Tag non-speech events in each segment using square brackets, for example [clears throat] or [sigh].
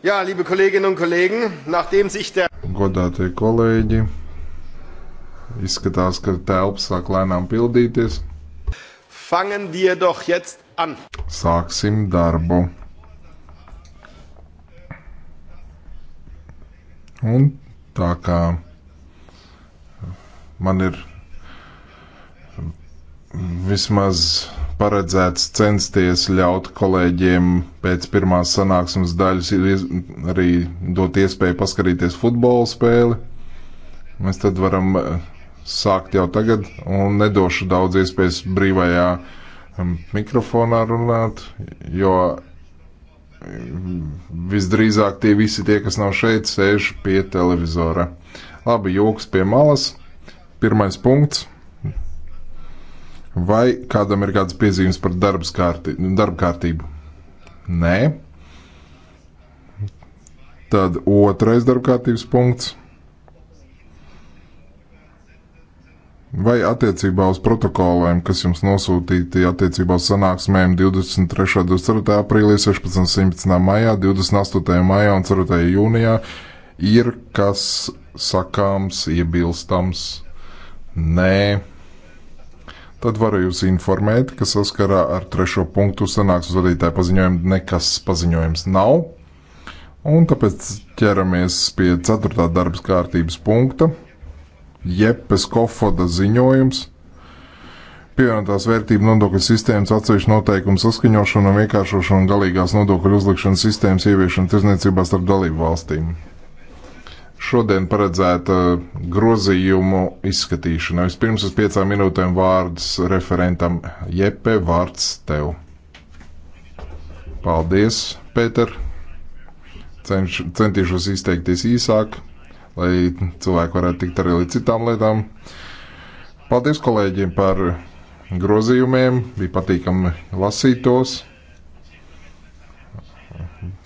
Jā, liebe kolēģinnen un kolēģi, nachdem sich der. Godātie kolēģi, izskatās, ka telpa sāk lēnām pildīties. Fangen wir doch jetzt an. Sāksim darbu. Un tā kā man ir vismaz paredzēts censties ļaut kolēģiem pēc pirmās sanāksmes daļas arī dot iespēju paskarīties futbola spēli. Mēs tad varam eh, sākt jau tagad un nedošu daudz iespējas brīvajā um, mikrofonā runāt, jo mm, visdrīzāk tie visi tie, kas nav šeit, sēž pie televizora. Labi, joks pie malas. Pirmais punkts. Vai kādam ir kādas piezīmes par kārti, darba kārtību? Nē. Tad otrais darba kārtības punkts. Vai attiecībā uz protokoliem, kas jums nosūtīti attiecībā uz sanāksmēm 23. un 24. aprīlī, 16. un 17. maijā, 28. maijā un 4. jūnijā, ir kas sakāms, iebilstams? Nē. Tad varu jūs informēt, ka saskarā ar trešo punktu sanāksmes vadītāja paziņojumu nekas paziņojums nav. Un tāpēc ķeramies pie ceturtā darbas kārtības punkta - Jepes Kofoda ziņojums. Pievienotās vērtības nodokļu sistēmas atsevišķu noteikumu saskaņošanu un vienkāršošanu un galīgās nodokļu uzlikšanas sistēmas ieviešanu tirzniecībā starp dalību valstīm šodien paredzēta grozījumu izskatīšana. Vispirms uz piecām minūtēm vārds referentam Jepe, vārds tev. Paldies, Pēter. Cenš, centīšos izteikties īsāk, lai cilvēki varētu tikt arī līdz citām lietām. Paldies kolēģiem par grozījumiem, bija patīkami lasītos.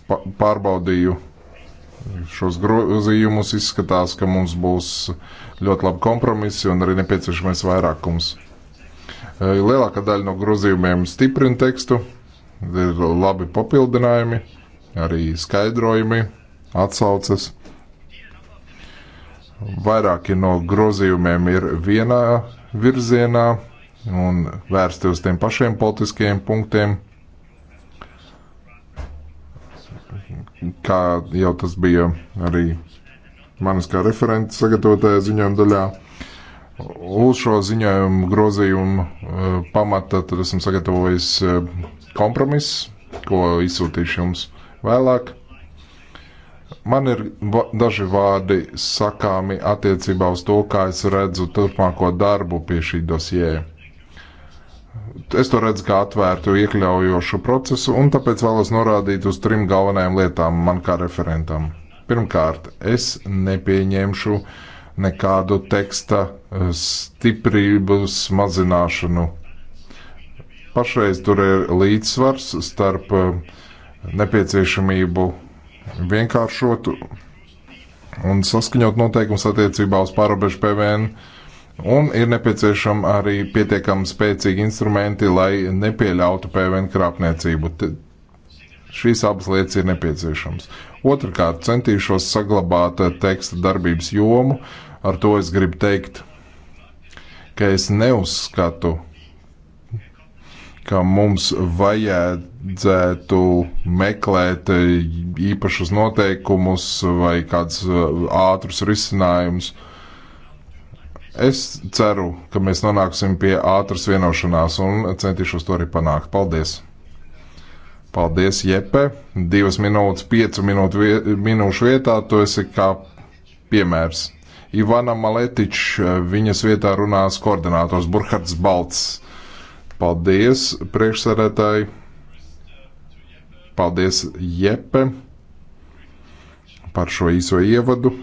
Pa, pārbaudīju šos grozījumus. Izskatās, ka mums būs ļoti labi kompromisi un arī nepieciešamais vairākums. E, lielākā daļa no grozījumiem stiprina tekstu, ir labi papildinājumi, arī skaidrojumi, atsauces. Vairāki no grozījumiem ir vienā virzienā un vērsti uz tiem pašiem politiskajiem punktiem. kā jau tas bija arī manis kā referents sagatavotajā ziņojuma daļā. Uz šo ziņojumu grozījumu eh, pamata tad esam sagatavojis eh, kompromiss, ko izsūtīšu jums vēlāk. Man ir daži vārdi sakāmi attiecībā uz to, kā es redzu turpmāko darbu pie šī dosieja. Es to redzu kā atvērtu, iekļaujošu procesu, un tāpēc vēlos norādīt uz trim galvenajām lietām man kā referentam. Pirmkārt, es nepieņemšu nekādu teksta eh, stiprības mazināšanu. Pašreiz tur ir līdzsvars starp eh, nepieciešamību vienkāršot un saskaņot noteikums attiecībā uz pārobežu PVN uh, Un ir nepieciešama arī pietiekami spēcīgi instrumenti, lai nepieļautu PVN krāpniecību. Te šīs abas lietas ir nepieciešamas. Otrakārt, centīšos saglabāt eh, teksta darbības jomu. Ar to es gribu teikt, ka es neuzskatu, ka mums vajadzētu meklēt eh, īpašus noteikumus vai kādus eh, ātrus risinājumus. Uh, Es ceru, ka mēs nonāksim pie ātras vienošanās un centīšos to arī panākt. Paldies! Paldies, Jepe! Divas minūtes, piecu minūtu vie, minūšu vietā, tu esi kā piemērs. Ivana Maletič, viņas vietā runās koordinātors Burkhards Balts. Paldies, priekšsarētāji! Paldies, Jepe, par šo īso ievadu.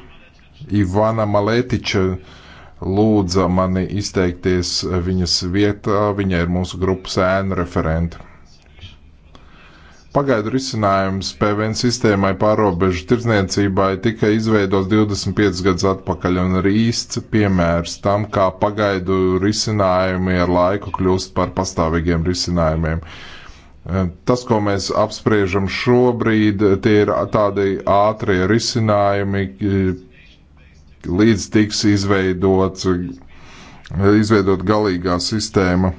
Ivana Maletiča lūdza mani izteikties viņas vietā, viņa ir mūsu grupas ēnu referente. Pagaidu risinājums PVN sistēmai pārobežu tirdzniecībai tika izveidots 25 gadus atpakaļ un ir īsts piemērs tam, kā pagaidu risinājumi ar laiku kļūst par pastāvīgiem risinājumiem. Tas, ko mēs apspriežam šobrīd, tie ir tādi ātrie risinājumi, līdz tiks izveidots, izveidot galīgā sistēma,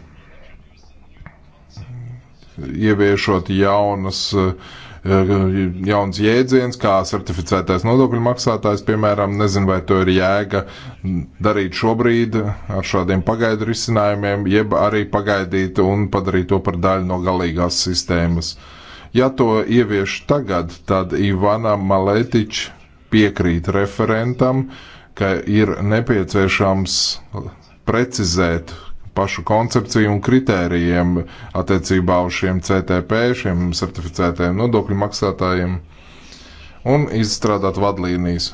ieviešot jaunas, jauns jēdziens, kā certificētais nodokļu maksātājs, piemēram, nezinu, vai to ir jēga darīt šobrīd ar šādiem pagaidu risinājumiem, jeb arī pagaidīt un padarīt to par daļu no galīgās sistēmas. Ja to ievieš tagad, tad Ivana Maletič piekrīt referentam, uh, ka ir nepieciešams precizēt pašu koncepciju un kritērijiem attiecībā uz šiem CTP, šiem certificētajiem nodokļu maksātājiem un izstrādāt vadlīnijas.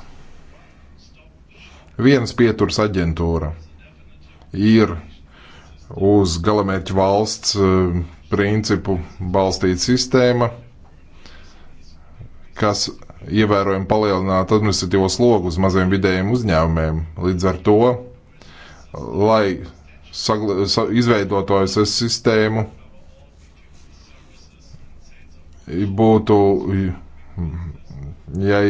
Vienas pieturas aģentūra ir uz galamērķu valsts eh, principu balstīta sistēma, kas ievērojami palielināt administratīvo slogu uz maziem vidējiem uzņēmumiem. Līdz ar to, lai sagla, sa, izveidotu ASS sistēmu, būtu mm, jā,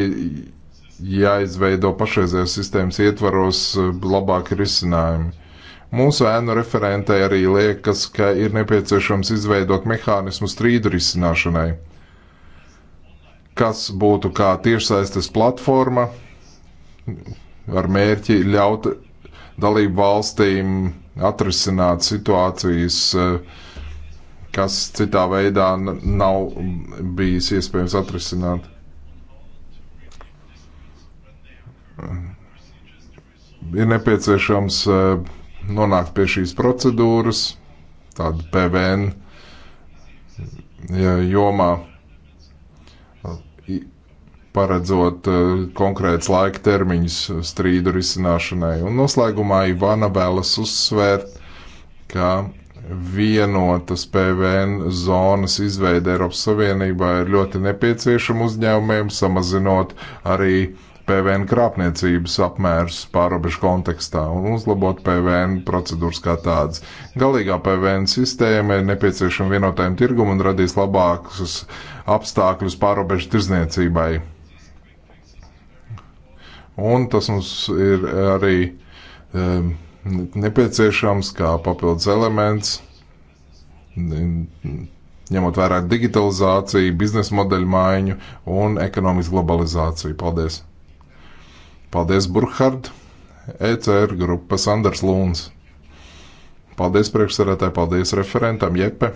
jāizveido pašreizējās sistēmas ietvaros eh, labāki risinājumi. Mūsu ēnu referentē arī liekas, ka ir nepieciešams izveidot mehānismu strīdu risināšanai kas būtu kā tiešsaistes platforma ar mērķi ļaut dalību valstīm atrisināt situācijas, e, kas citā veidā nav bijis iespējams atrisināt. Ir nepieciešams e, nonākt pie šīs procedūras, tāda PVN jomā. Ja paredzot eh, konkrēts laika termiņus strīdu risināšanai. Un noslēgumā Ivana vēlas uzsvērt, ka vienotas PVN zonas izveide Eiropas Savienībā ir ļoti nepieciešama uzņēmumiem, samazinot arī PVN krāpniecības apmērus pārobežu kontekstā un uzlabot PVN procedūras kā tādas. Galīgā PVN sistēma ir nepieciešama vienotajam tirgumam un radīs labākus apstākļus pārobežu tirzniecībai. Un tas mums ir arī um, nepieciešams kā papildus elements, ņemot vērā digitalizāciju, biznesa modeļu maiņu un ekonomisku globalizāciju. Paldies! Paldies, Burkhard! ECR grupas Anders Lūns. Paldies priekšsarētāji, paldies referentam Jepe.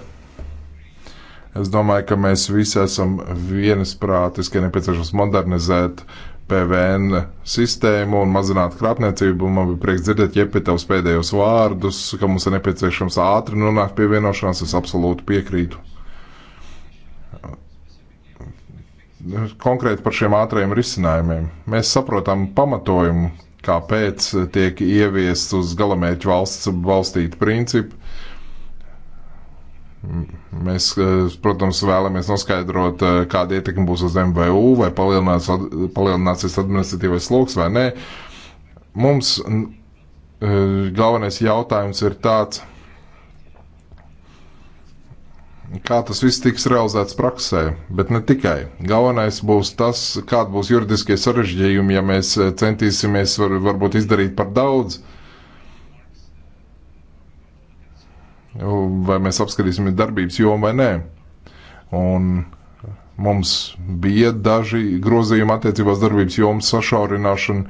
Es domāju, ka mēs visi esam vienisprātis, ka nepieciešams modernizēt uh, PVN sistēmu un mazināt krāpniecību. Man bija prieks dzirdēt Jepitavs pēdējos vārdus, ka mums ir nepieciešams ātri nonākt pie vienošanās. Es absolūti piekrītu. Konkrēti par šiem ātriem risinājumiem. Mēs saprotam pamatojumu, kāpēc tiek ieviests uz galamērķu valsts balstīti principi Mēs, eh, protams, vēlamies noskaidrot, eh, kāda ietekme būs uz MVU, vai palielināsies administratīvais sloks vai nē. Mums eh, galvenais jautājums ir tāds, kā tas viss tiks realizēts praksē, bet ne tikai. Galvenais būs tas, kāda būs juridiskie sarežģījumi, ja mēs centīsimies var, varbūt izdarīt par daudz. Uh, vai mēs apskatīsim darbības jomu vai nē. Un mums bija daži grozījumi attiecībās darbības jomas sašaurināšanu,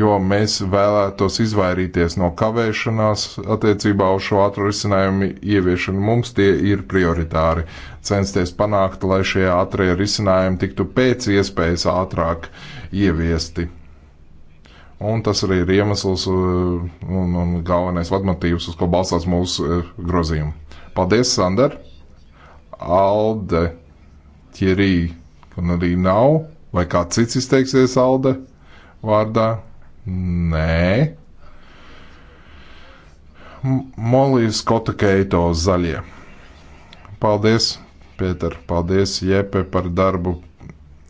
jo mēs vēlētos izvairīties no kavēšanās attiecībā uz šo ātru risinājumu ieviešanu. Mums tie ir prioritāri. Censties panākt, lai šie ātrie risinājumi tiktu pēc iespējas ātrāk ieviesti. Un tas arī ir iemesls uh, un, un galvenais vadmatīvs, uz ko balstās mūsu uh, grozījumi. Paldies, Sander! Alde Čierī, un nu arī nav, vai kāds cits izteiksies Alde vārdā? Nē. Molija Skota Keito zaļie. Paldies, Pēter, paldies Jepe par darbu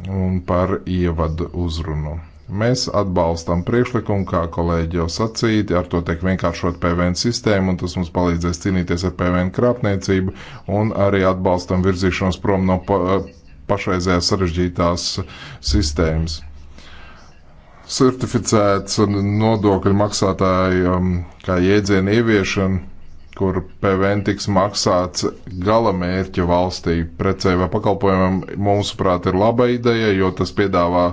un par ievadu uzrunu. Mēs atbalstam priekšlikumu, kā kolēģi jau sacīja, ar to tiek vienkāršot PVN sistēma, un tas mums palīdzēs cīnīties ar PVN krāpniecību, un arī atbalstam virzīšanos prom no pa, pašreizējās sarežģītās sistēmas. Certificēts nodokļu maksātāju um, kā jēdzienu ieviešana kur PVN tiks maksāts gala mērķa valstī precē vai pakalpojumam, mūsuprāt, ir laba ideja, jo tas piedāvā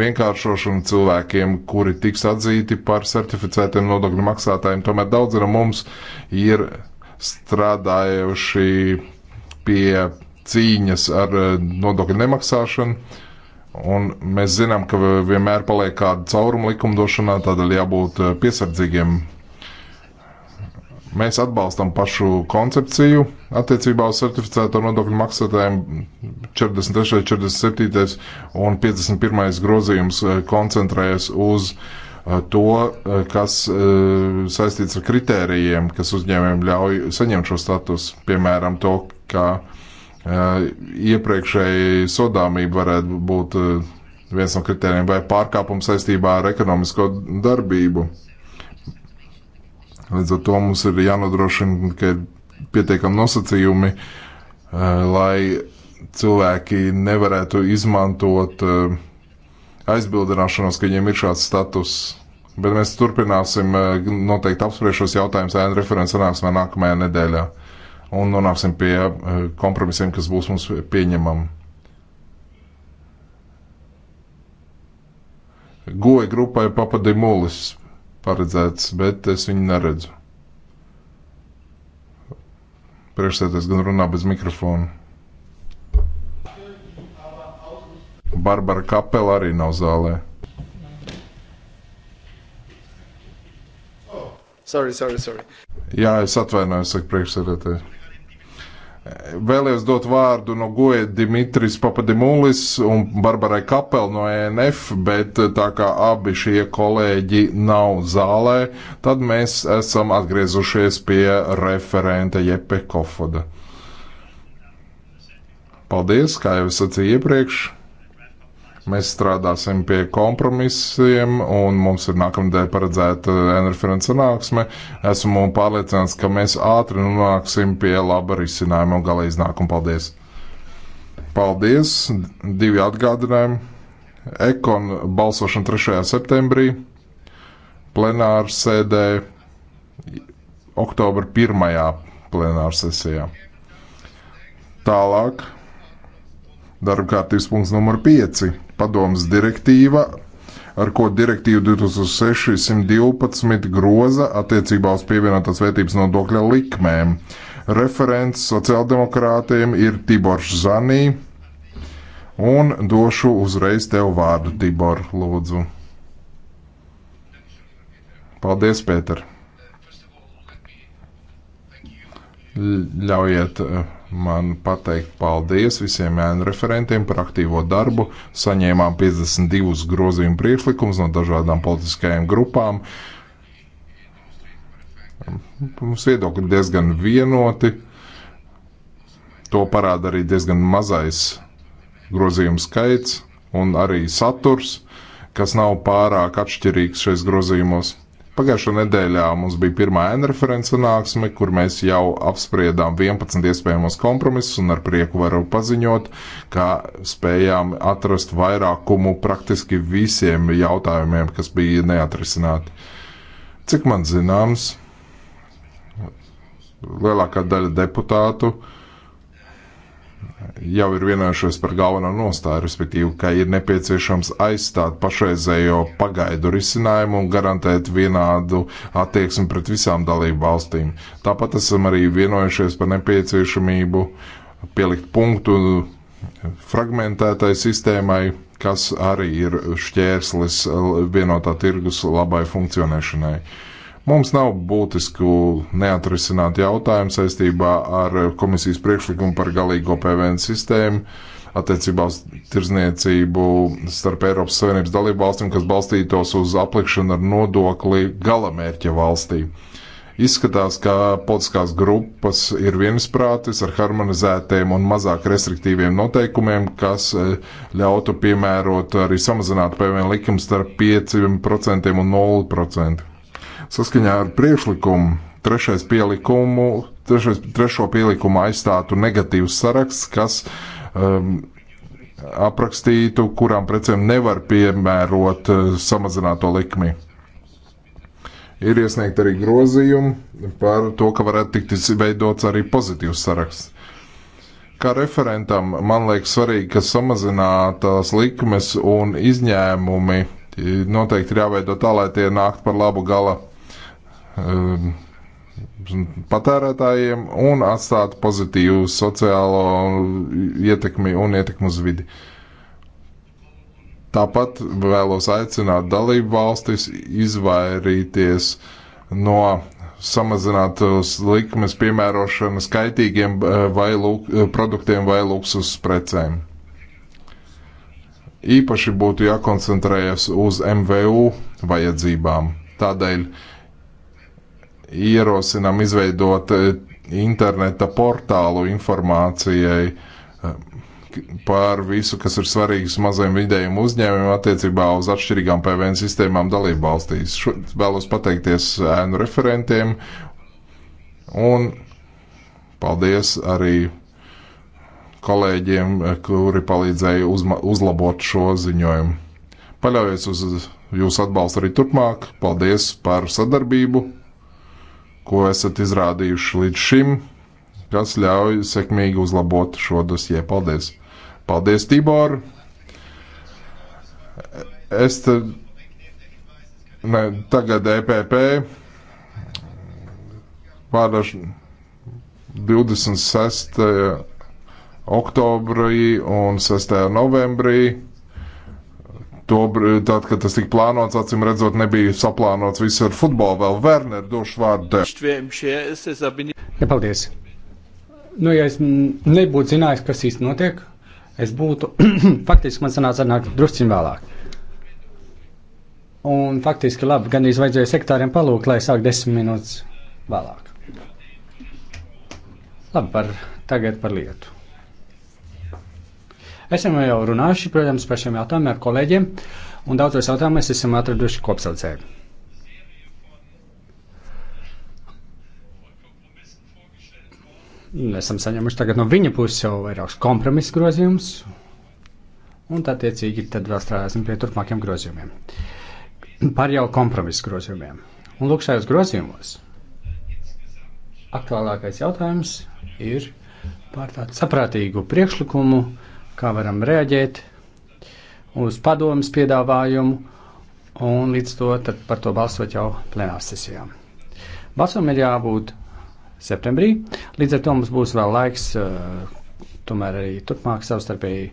vienkāršošanu cilvēkiem, kuri tiks atzīti par certificētiem nodokļu maksātājiem. Tomēr daudz no mums ir strādājuši pie cīņas ar eh, nodokļu nemaksāšanu. Un mēs zinām, ka vienmēr paliek kāda cauruma likumdošanā, tādēļ jābūt eh, piesardzīgiem Mēs atbalstam pašu koncepciju attiecībā uz certificēto nodokļu maksātājiem 43., 47. un 51. grozījums eh, koncentrējas uz eh, to, eh, kas saistīts ar kritērijiem, kas uzņēmējiem ļauj saņemt šo statusu. Piemēram, to, ka iepriekšēji sodāmība varētu būt viens no kritērijiem vai pārkāpums saistībā ar ekonomisko darbību. Līdz ar to mums ir jānodrošina, ka ir pietiekami nosacījumi, eh, lai cilvēki nevarētu izmantot eh, aizbildināšanos, ka viņiem ir šāds status. Bet mēs turpināsim eh, noteikti apspriest šos jautājumus ēnu referents sanāksmē nākamajā nedēļā un nonāksim pie kompromisiem, kas būs mums pieņemami. Goja grupai papadīja mūlis paredzēts, bet es viņu neredzu. Priekšsēdētājs gan runā bez mikrofona. Barbara Kapela arī nav zālē. Oh. Sorry, sorry, sorry. Jā, es atvainojos, saka priekšsēdētājs. Vēlējos dot vārdu no goja Dimitris Papadimulis un Barbarai Kapel no ENF, bet eh, tā kā abi šie kolēģi nav zālē, tad mēs esam atgriezušies pie referenta Jepe Kofoda. Paldies, kā jau es sacīju iepriekš. Mēs strādāsim pie kompromisiem, un mums ir nākamnedēļ paredzēta enerģijas sanāksme. Esmu pārliecināts, ka mēs ātri nonāksim pie laba risinājuma un gala iznākuma. Paldies! Paldies! Divi atgādinājumi. Ekon balsošana 3. septembrī, plenāra sēdē oktobra 1. plenāra sesijā. Tālāk darba kārtības punkts numur 5 padomas direktīva, ar ko direktīva 2612 groza attiecībā uz pievienotās vērtības nodokļa likmēm. Referents sociāldemokrātiem ir Tiborš Zanī, un došu uzreiz tev vārdu, Tibor, lūdzu. Paldies, Pēter! Ļaujiet eh, man pateikt paldies visiem ēnu referentiem par aktīvo darbu. Saņēmām 52 grozījumu priekšlikumus no dažādām politiskajām grupām. Mums viedokļi diezgan vienoti. To parāda arī diezgan mazais grozījumu skaits un arī saturs, kas nav pārāk atšķirīgs šais grozījumos. Pagājušā nedēļā mums bija pirmā N-referents sanāksme, kur mēs jau apspriedām 11 iespējamos kompromisus un ar prieku varu paziņot, ka spējām atrast vairākumu praktiski visiem jautājumiem, kas bija neatrisināti. Cik man zināms, lielākā daļa deputātu uh, jau ir vienojušies par galveno nostāju, respektīvi, ka ir nepieciešams aizstāt pašreizējo pagaidu risinājumu un garantēt vienādu attieksmi pret visām dalību valstīm. Tāpat esam arī vienojušies par nepieciešamību pielikt punktu fragmentētai sistēmai, kas arī ir šķērslis vienotā tirgus labai funkcionēšanai. Uh, Mums nav būtisku neatrisināt jautājumu saistībā ar komisijas priekšlikumu par galīgo PVN sistēmu attiecībā uz tirzniecību starp Eiropas Savienības dalību valstīm, kas balstītos uz aplikšanu ar nodokli galamērķa valstī. Izskatās, ka politiskās grupas ir viensprātis ar harmonizētiem un mazāk restriktīviem noteikumiem, kas eh, ļautu piemērot arī samazināt PVN likumu starp 5% un 0%. Saskaņā ar priekšlikumu trešais pielikumu, trešais, trešo pielikumu aizstātu negatīvs saraksts, kas um, aprakstītu, kurām precēm nevar piemērot uh, samazināto likmi. Ir iesniegt arī grozījumi par to, ka varētu tikt izveidots arī pozitīvs saraksts. Kā referentam man liekas svarīgi, ka samazinātās likmes un izņēmumi noteikti ir jāveido tā, lai tie nākt par labu gala Um, patērētājiem un atstāt pozitīvu sociālo ietekmi un ietekmu uz vidi. Tāpat vēlos aicināt dalību valstis izvairīties no samazinātas likmes piemērošanas kaitīgiem eh, vai lūk, eh, produktiem vai luksus precēm. Īpaši būtu jākoncentrējas uz MVU vajadzībām. Tādēļ uh, ierosinām izveidot eh, interneta portālu informācijai eh, par visu, kas ir svarīgs mazajiem vidējiem uzņēmumiem attiecībā uz atšķirīgām PVN sistēmām dalību valstīs. Šo vēlos pateikties ēnu referentiem un paldies arī kolēģiem, eh, kuri palīdzēja uzma, uzlabot šo ziņojumu. Paļaujies uz jūsu atbalstu arī turpmāk. Paldies par sadarbību ko esat izrādījuši līdz šim, kas ļauj sekmīgi uzlabot šo dosie. Paldies! Paldies, Tibor! Es te... ne, tagad EPP vārdā 26. oktobrī un 6. novembrī To, tad, kad tas tika plānots, acīm redzot, nebija saplānots viss ar futbolu. Vēl Werner došu vārdu tev. Ja, paldies. Nu, ja es nebūtu zinājis, kas īsti notiek, es būtu, [clears throat] faktiski man sanāca nāk drusciņ vēlāk. Un faktiski labi, gan izvaidzēja sektāriem palūk, lai sāk desmit minūtes vēlāk. Labi, par, tagad par lietu. Esam jau runājuši, protams, par šiem jautājumiem ar kolēģiem, un daudzos jautājumos esam atraduši kopsaucēju. Esam saņēmuši tagad no viņa puses jau vairākus kompromisu grozījumus, un tā tiecīgi tad vēl strādāsim pie turpmākiem grozījumiem. Par jau kompromisu grozījumiem. Un lūk, šajos grozījumos aktuālākais jautājums ir par tādu saprātīgu priekšlikumu kā varam reaģēt uz padomas piedāvājumu un līdz to tad par to balsot jau plenārsesijā. Balsam ir jābūt septembrī, līdz ar to mums būs vēl laiks eh, tomēr arī turpmāk savstarpēji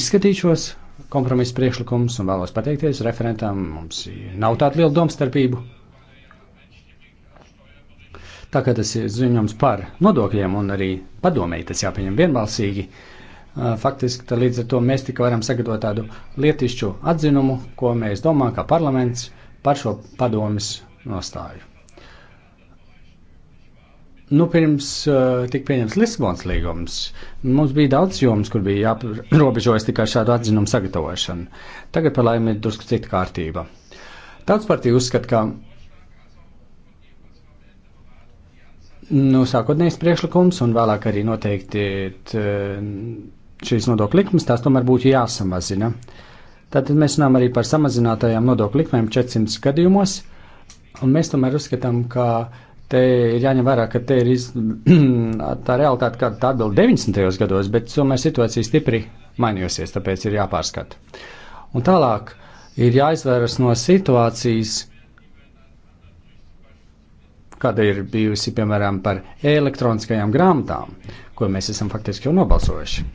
izskatīt šos kompromisu priekšlikumus un vēlos pateikties referentam. Mums nav tāda liela domstarpību. Tā kā tas ir ziņojums par nodokļiem un arī padomēji tas jāpieņem vienbalsīgi. Uh, Faktiski līdz ar to mēs tikai varam sagatavot tādu lietišķu atzinumu, ko mēs domājam kā parlaments par šo padomis nostāju. Nu, pirms uh, tika pieņemts Lisabonas līgums, mums bija daudz jomas, kur bija jāprobežojas tikai šādu atzinumu sagatavošanu. Tagad par laimi ir drusku cita kārtība. Tāds partija uzskata, ka nu, sākotnējs priekšlikums un vēlāk arī noteikti. T, šīs nodokļu likmes, tās tomēr būtu jāsamazina. Tātad mēs runājam arī par samazinātajām nodokļu likmēm 400 gadījumos, un mēs tomēr uzskatām, ka te ir jāņem vērā, ka te ir iz, [clears throat] tā realitāte, kāda tā atbild 90. gados, bet tomēr situācija stipri mainījusies, tāpēc ir jāpārskata. Un tālāk ir jāizvēras no situācijas, kāda ir bijusi, piemēram, par elektroniskajām grāmatām, ko mēs esam faktiski jau nobalsojuši.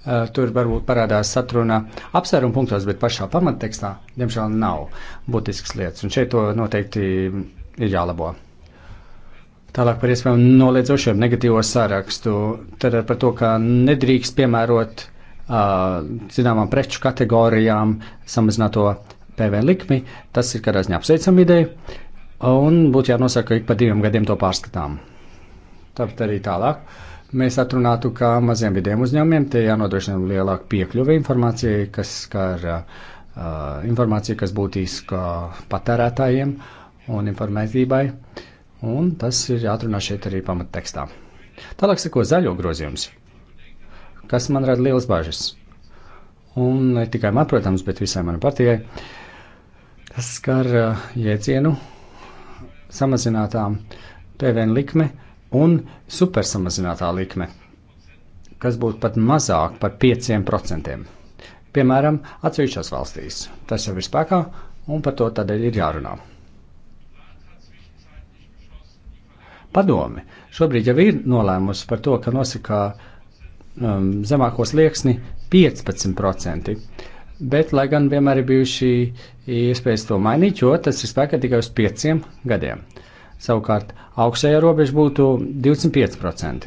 Eh, tur varbūt parādās satrunā apsvērumu punktos, bet pašā pamattekstā, diemžēl, nav būtisks lietas. Un šeit to noteikti ir jālabo. Tālāk par iespējamu noliedzošiem negatīvo sarakstu. Tad par to, ka nedrīkst piemērot uh, zināmām preču kategorijām samazināto PV likmi, tas ir kādā ziņā apsveicama ideja. Un būtu jānosaka, ka ik pa diviem gadiem to pārskatām. Tāpat arī tālāk. Uh, mēs atrunātu, ka maziem vidiem uzņēmumiem tie jānodrošina lielāka piekļuve informācijai, kas skar uh, uh informāciju, kas būtīska patērētājiem un informētībai, un tas ir jāatrunā šeit arī pamattekstā. Tālāk seko zaļo grozījums, kas man rada lielas bažas. Un ne tikai man, protams, bet visai manai partijai. Tas skar uh, jēdzienu samazinātām PVN likme uh, un supersamazinātā likme, kas būtu pat mazāk par 5%. Piemēram, atsevišķās valstīs tas jau ir spēkā, un par to tādēļ ir jārunā. Padomi šobrīd jau ir nolēmusi par to, ka nosaka um, zemāko slieksni 15%, bet lai gan vienmēr ir bijuši iespējas to mainīt, jo tas ir spēkā tikai uz 5 gadiem. Uh, Savukārt augšējā robeža būtu 25%.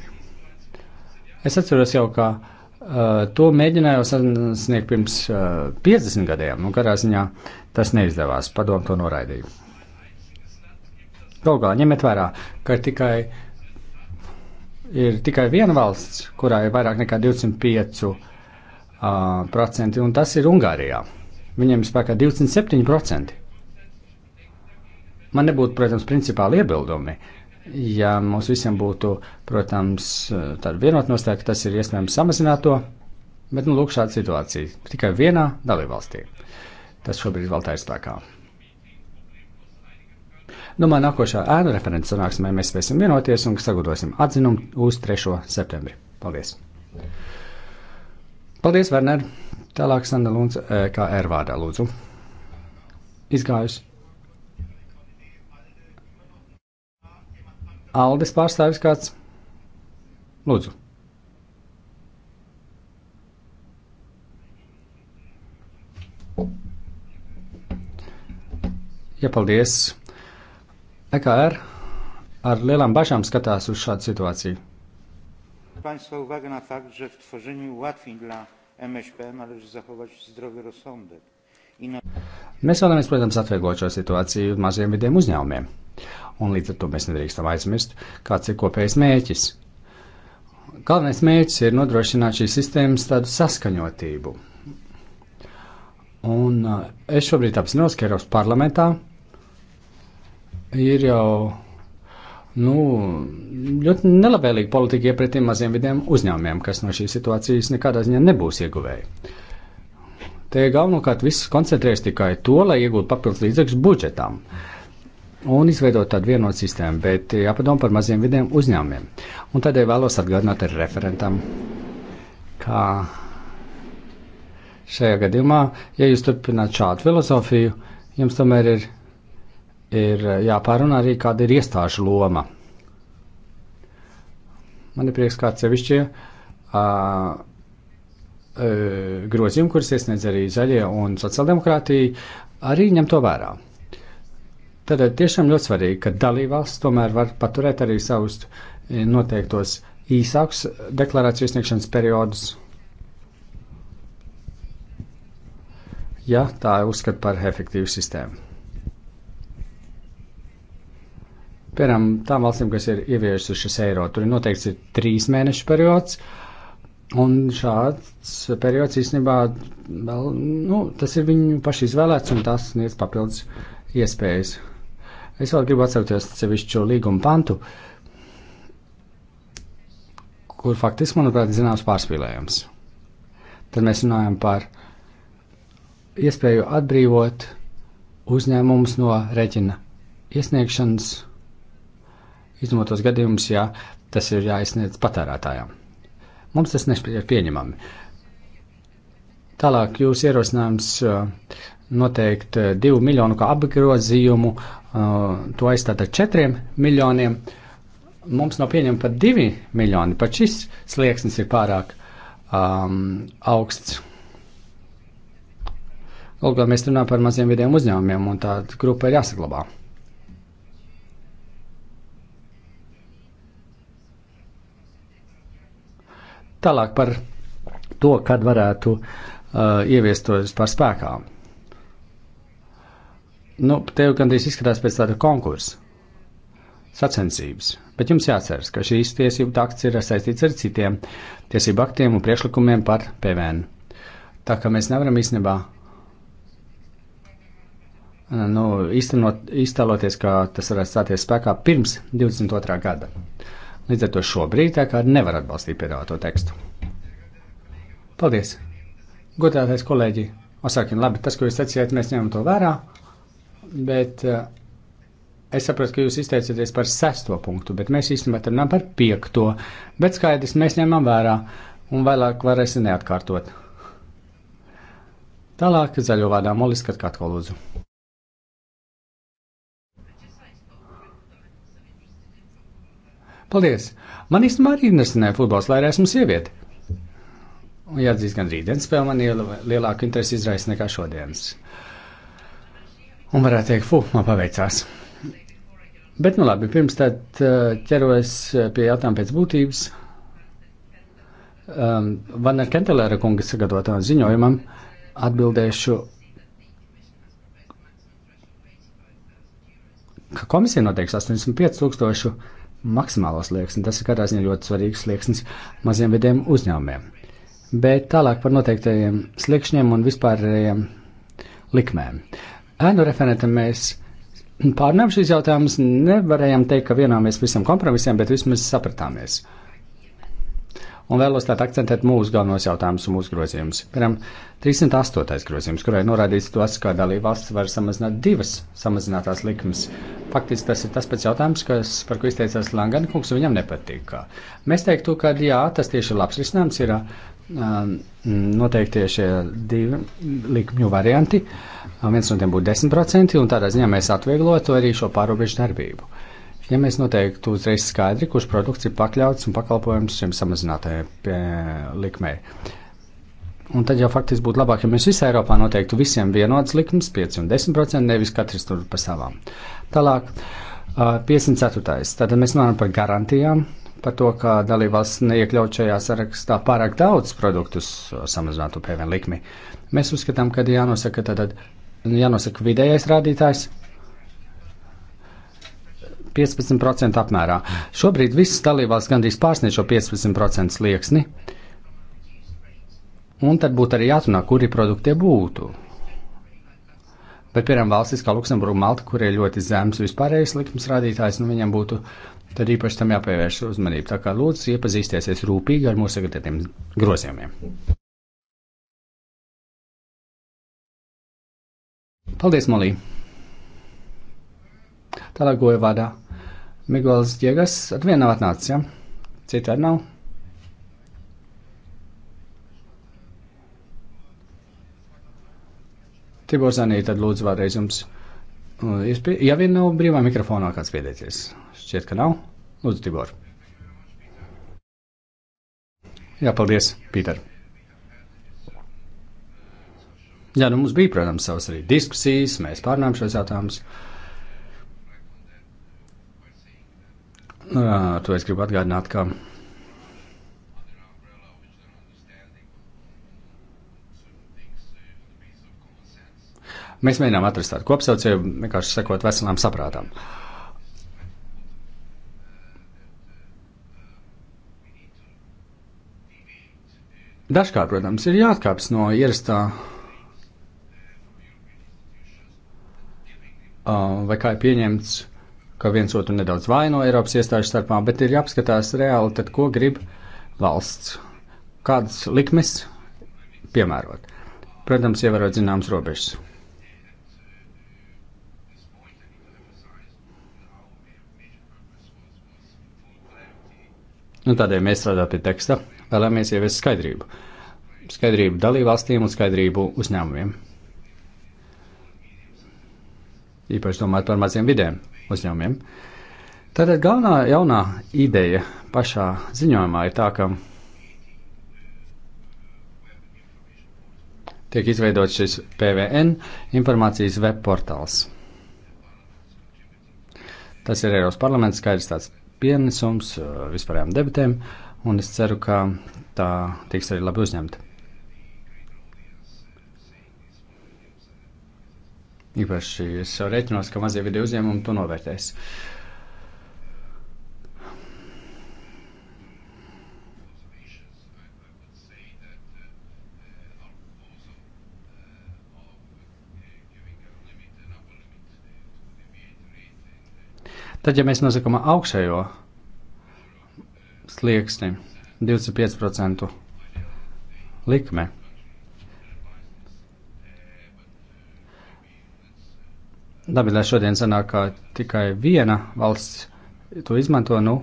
Es atceros jau, ka uh, to mēģināju sasniegt pirms uh, eh, 50 gadiem, un nu, katrā ziņā tas neizdevās. Padomu to noraidīju. Galu galā ņemiet vērā, ka tikai, ir tikai viena valsts, kurā ir vairāk nekā 25%, uh, eh, procenti, un tas ir Ungārijā. Viņiem ir spēkā 27%. Man nebūtu, protams, principāli iebildumi, ja mums visiem būtu, protams, tāda vienota nostāja, ka tas ir iespējams samazināt to, bet, nu, lūk, šāda situācija tikai vienā dalībvalstī. Tas šobrīd vēl tā ir spēkā. Domāju, nu, nākošā ēnu referents sanāksmē mēs spēsim vienoties un sagatavosim atzinumu uz 3. septembri. Paldies! Paldies, Werner! Tālāk Sandra Lunds, eh, kā ērvārdā, lūdzu. Izgājusi. Aldis pārstāvis kāds? Lūdzu. Ja paldies. EKR er ar lielām bažām skatās uz šādu situāciju. Państwa uwagę na fakt, że w tworzeniu ułatwień dla MŚP należy zachować zdrowy rozsądek. Mēs vēlamies, protams, atvieglot šo situāciju maziem vidiem uzņēmumiem un līdz ar to mēs nedrīkstam aizmirst, kāds ir kopējais mēķis. Galvenais mēģis ir nodrošināt šīs sistēmas tādu saskaņotību. Un uh, es šobrīd apzinos, ka Eiropas parlamentā ir jau nu, ļoti nelabvēlīga politika iepratiem maziem vidiem uzņēmumiem, kas no šīs situācijas nekādā ziņā nebūs ieguvēji. Te galvenokārt viss koncentrējas tikai to, lai iegūtu papildus līdzekļus budžetām. Uh, un izveidot tādu vienotu sistēmu, bet eh, jāpadomā par maziem vidiem uzņēmumiem. Un tādēļ vēlos atgādināt arī referentam, ka šajā gadījumā, ja jūs turpināt šādu filozofiju, jums tomēr ir, ir jāpārunā arī, kāda ir iestāžu loma. Man ir prieks, kāds sevišķie uh, grozījumi, kurus iesniedz arī zaļie un sociāldemokrātija, arī ņem to vērā. Tad eh, tiešām ļoti svarīgi, ka dalībvalsts tomēr var paturēt arī savus eh, noteiktos īsākus deklarāciju iesniegšanas periodus. Ja tā ir uzskata par efektīvu sistēmu. Piemēram, tām valstīm, kas ir ieviesušas eiro, tur ir noteikts ir trīs mēnešu periods, Un šāds periods īstenībā vēl, nu, tas ir viņu paši izvēlēts un tas sniedz papildus iespējas. Es vēl gribu atsaukties sevišķo līguma pantu, kur faktiski, manuprāt, zināms pārspīlējums. Tad mēs runājam par iespēju atbrīvot uzņēmumus no reģina iesniegšanas, izņemot tos gadījumus, ja tas ir jāizsniedz patērētājiem. Mums tas nešķiet pieņemami. Tālāk jūs ierosinājums noteikt 2 eh, miljonu kā apgrozījumu, eh, to aizstāt ar 4 miljoniem. Mums nav pieņemta pat 2 miljoni, pat šis slieksnis ir pārāk um, augsts. Lūk, mēs runājam par maziem vidiem uzņēmumiem, un tā grupa ir jāsaglabā. Tālāk par to, kad varētu uh, eh, ieviest to vispār spēkām nu, tev gandrīz izskatās pēc tāda konkursa, sacensības, bet jums jāatceras, ka šīs tiesību akts ir saistīts ar citiem tiesību aktiem un priekšlikumiem par PVN. Tā kā mēs nevaram īstenībā nu, īstenot, iztēloties, ka tas varētu stāties spēkā pirms 22. gada. Līdz ar to šobrīd tā kā nevar atbalstīt piedāvāto tekstu. Paldies! Godātais kolēģi! Osākin, labi, tas, ko jūs teicāt, mēs ņemam to vērā bet uh, es saprotu, ka jūs izteicaties par sesto punktu, bet mēs īstenībā runājam par piekto. Bet skaidrs, mēs ņemam vērā un vēlāk varēsim neatkārtot. Tālāk zaļo vārdā molis, kad kā atkal lūdzu. Paldies! Man īstenībā arī nesanēja futbols, lai arī esmu sieviete. Un jāatzīst, gan rītdienas spēle man lielāku interesi izraisa nekā šodienas. Uh, Un varētu teikt, fuh, man paveicās. Bet, nu labi, pirms tad uh, ķeros uh, pie jautājuma pēc būtības. Um, Vanna Kentelēra kunga sagatavotā ziņojumam atbildēšu, ka komisija noteiks 85 tūkstošu maksimālos lieksni. Tas ir katrā ziņā ļoti svarīgs slieksnis maziem vidiem uzņēmumiem. Bet tālāk par noteiktajiem sliekšņiem un vispārējiem likmēm. Uh, ēnu referentam mēs pārnām šīs jautājumus. Nevarējām teikt, ka vienāmies visam kompromisiem, bet vismaz sapratāmies. Un vēlos tātad akcentēt mūsu galvenos jautājumus un mūsu grozījumus. Piemēram, 308. grozījums, kurai norādīts tas, ka dalībvalsts var samazināt divas samazinātās likmes. Faktiski tas ir tas pats jautājums, kas, par ko izteicās Langana kungs, un viņam nepatīk. Mēs teiktu, ka jā, tas tieši labs risinājums ir um, noteikti šie divi likmju varianti. Uh, viens no tiem būtu 10%, un tādā ziņā mēs atvieglotu arī šo pārobežu darbību. Ja mēs noteiktu uzreiz skaidri, kurš produkts ir pakļauts un pakalpojums šiem samazinātajai likmei. Un tad jau faktiski būtu labāk, ja mēs visā Eiropā noteiktu visiem vienodas likmes, 5 un 10%, nevis katrs tur pa savām. Tālāk, 54. Tātad mēs runājam par garantijām, par to, ka dalībvalsts neiekļaut šajā sarakstā pārāk daudz produktus samazinātu PVN likmi. Mēs uzskatām, ka jānosaka tātad. Tā jānosaka vidējais rādītājs 15% apmērā. Šobrīd visas dalībvalsts gandrīz pārsniedz šo 15% slieksni, un tad būtu arī jāatrunā, kuri produkti būtu. Bet, piemēram, valstis kā Luksemburga, Malta, kur ir ļoti zems vispārējais likums rādītājs, nu viņam būtu tad īpaši tam jāpievērš uzmanība. Tā kā lūdzu iepazīstieties rūpīgi ar mūsu sagatavotiem grozījumiem. Paldies, Molī! Tālāk goja vārdā. Miguels Diegas ar vienu nav atnācis, ja? Citādi nav. Tibor Zanī, tad lūdzu vēlreiz jums. Uh, Pie... Ja vien nav brīvā mikrofonā kāds piedēties, šķiet, ka nav. Lūdzu, Tibor. Jā, paldies, Pīter. Jā, nu mums bija, protams, savas arī diskusijas, mēs pārnām šos jautājumus. Uh, to es gribu atgādināt, ka. Mēs mēģinām atrast tādu kopsaucēju, vienkārši sekot veselām saprātām. Dažkārt, protams, ir jāatkāpjas no ierastā Um, vai kā ir pieņemts, ka viens otru nedaudz vaino Eiropas iestāžu starpā, bet ir jāapskatās reāli, tad ko grib valsts, kādas likmes piemērot. Protams, ievērot zināmas robežas. Un nu, tādēļ mēs strādājam pie teksta, vēlamies ieviest skaidrību. Skaidrību dalībvalstīm un skaidrību uzņēmumiem īpaši domāt par maziem vidiem uzņēmumiem. Tātad galvenā jaunā ideja pašā ziņojumā ir tā, ka tiek izveidots šis PVN informācijas web portāls. Tas ir Eiropas parlaments skaidrs tāds pienesums uh, vispārējām debatēm, un es ceru, ka tā tiks arī labi uzņemta. Īpaši es reiķinos, ka mazie video uzņēmumi to novērtēs. Tad, ja mēs nosakām augšējo slieksni 25% likme, Dabilē šodien sanāk, ka tikai viena valsts to izmanto, nu,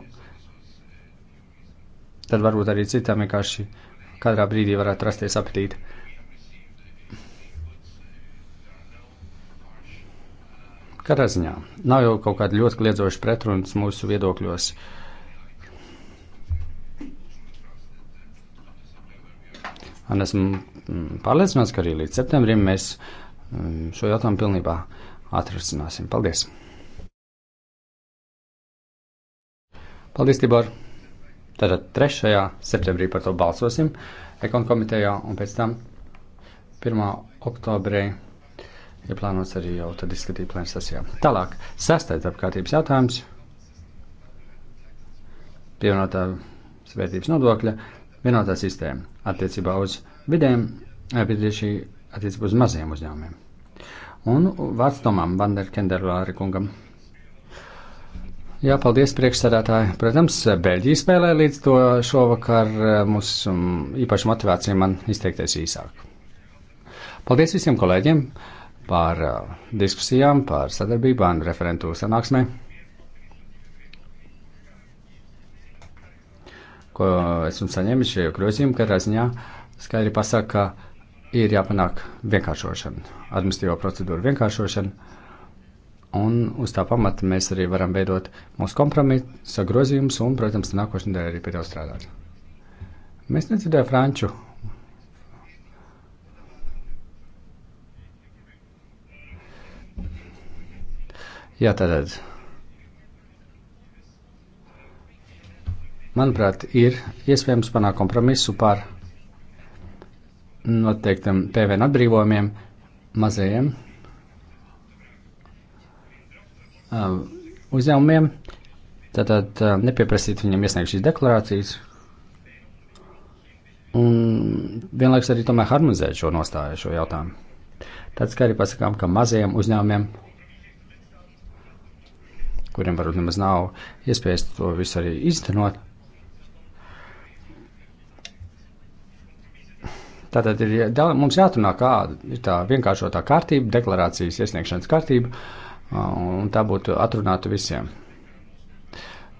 tad varbūt arī citām vienkārši kādā brīdī varētu rasties apetīti. Katrā ziņā nav jau kaut kāda ļoti kliedzoša pretrunas mūsu viedokļos. Un esmu mm, pārliecināts, ka arī līdz septembrim mēs mm, šo jautājumu pilnībā atrisināsim. Paldies! Paldies, Tibor! Tātad 3. septembrī par to balsosim ekonkomitejā un pēc tam 1. oktobrī ir ja plānots arī jau tad izskatīt plēnas sesijā. Tālāk, sastais apkārtības jautājums - pievienotā svērtības nodokļa vienotā sistēma attiecībā uz vidēm, bet eh, tieši attiecībā uz maziem uzņēmumiem. Un vārds Tomam Vanderkenderlāri kungam. Jā, paldies priekšsēdētāji. Protams, Beļģija spēlē līdz to šovakar eh, mums mm, īpaši motivācija man izteikties īsāk. Paldies visiem kolēģiem par eh, diskusijām, par sadarbību un referentu sanāksmē. Ko esmu saņēmis šajā grozījumā, katrā ziņā skaidri pasaka, ka ir jāpanāk vienkāršošana, administratīvo procedūru vienkāršošana, un uz tā pamata mēs arī varam veidot mūsu kompromisu, grozījumus, un, protams, nākošanai arī pie tā strādāt. Mēs nedzirdējām franču. Jā, tātad. Manuprāt, ir iespējams panākt kompromisu par noteiktam PVN atbrīvojumiem mazajiem uh, uzņēmumiem. Tātad uh, nepieprasīt viņiem iesniegt šīs deklarācijas. Un vienlaikus arī tomēr harmonizēt šo nostāju, šo jautājumu. Tāds kā arī pasakām, ka mazajiem uzņēmumiem, kuriem varbūt nemaz nav iespējas to visu arī iztenot, Tātad ir, jā, mums jāatrunā, kāda ir tā vienkāršotā kārtība, deklarācijas iesniegšanas kārtība, un tā būtu atrunāta visiem.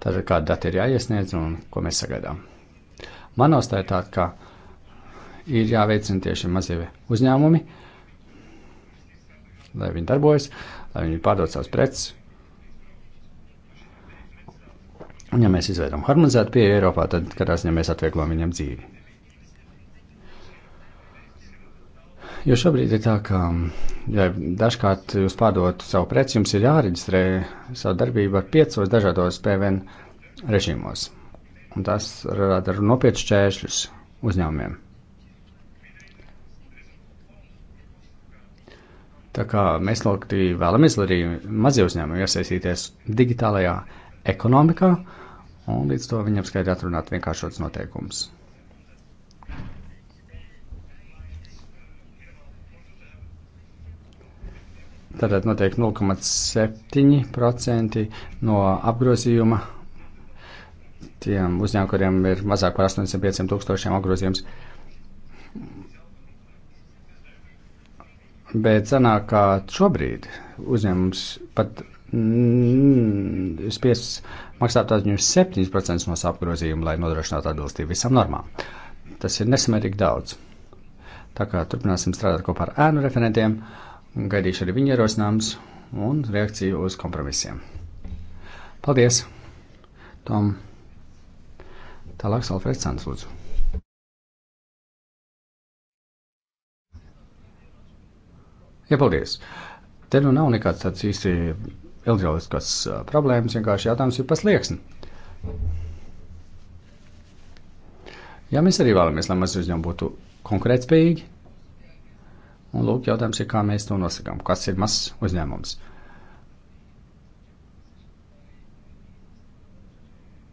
Tātad kāda data ir jāiesniedz un ko mēs sagaidām. Man nostāja tāda, ka ir jāveicina tieši mazie uzņēmumi, lai viņi darbojas, lai viņi pārdod savus preces. Un ja mēs izveidām harmonizētu pieeju Eiropā, tad katrā ziņā mēs atvieglojam viņam dzīvi. Jo šobrīd ir tā, ka ja dažkārt jūs pārdotu savu preci, jums ir jāreģistrē savu darbību ar piecos dažādos PVN režīmos. Un tas rada nopietnus čēršļus uzņēmumiem. Tā kā mēs ļoti vēlamies, lai arī mazie uzņēmumi iesaistīties digitālajā ekonomikā, un līdz to viņam skaidri atrunāt vienkāršots noteikums. Tātad notiek 0,7% no apgrozījuma tiem uzņēmumiem, kuriem ir mazāk par 85 tūkstošiem apgrozījums. Bet sanāk, ka šobrīd uzņēmums pat mm, spiests maksāt atņemt 7% no apgrozījuma, lai nodrošinātu atbilstību visam normām. Tas ir nesamērīgi daudz. Tā kā turpināsim strādāt kopā ar ēnu referentiem. Uh, Gaidīšu arī viņa ierosinājumus un reakciju uz kompromisiem. Paldies! Tom. Tālāk Alfreds Sants, lūdzu. Jā, paldies. Te nu nav nekāds tāds īsti ilgspējīgs uh, problēmas, vienkārši jautājums ir paslieksni. Ja mēs arī vēlamies, lai mazi uzņēmumi būtu konkurētspējīgi, Un lūk, jautājums ir, kā mēs to nosakām, kas ir mazs uzņēmums.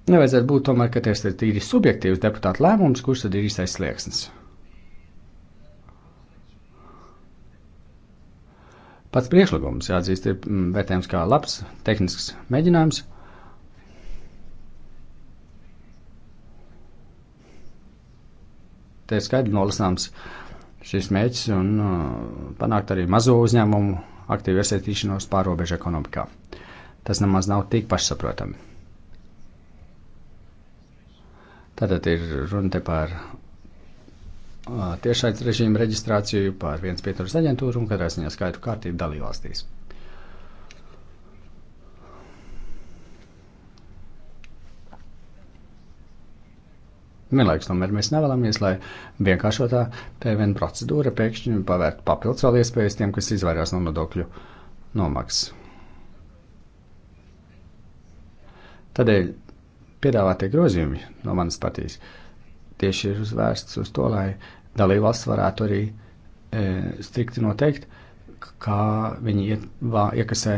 Nevajadzētu būt tomēr, ka tas ir tīri subjektīvs deputāta lēmums, kurš tad ir īstais slieksnis. Pats priekšlikums, jāatzīst, ir mm, vērtējams kā labs tehnisks mēģinājums. Te ir skaidri nolasāms uh, šis mērķis un uh, panākt arī mazo uzņēmumu aktīvu iesaistīšanos pārobežu ekonomikā. Tas nemaz nav tik pašsaprotami. Tātad ir runa te par uh, tiešais režīmu reģistrāciju, par viens pieturas aģentūru un katrā ziņā skaitu kārtību dalībvalstīs. Vienlaikus tomēr mēs nevēlamies, lai vienkāršotā PVN procedūra pēkšņi pavērt papildus vēl iespējas tiem, kas izvairās no nodokļu nomaksas. Tādēļ piedāvātie grozījumi no manas partijas tieši ir uzvērsts uz to, lai dalībvalsts varētu arī e, strikti noteikt, kā viņi iet, vā, iekasē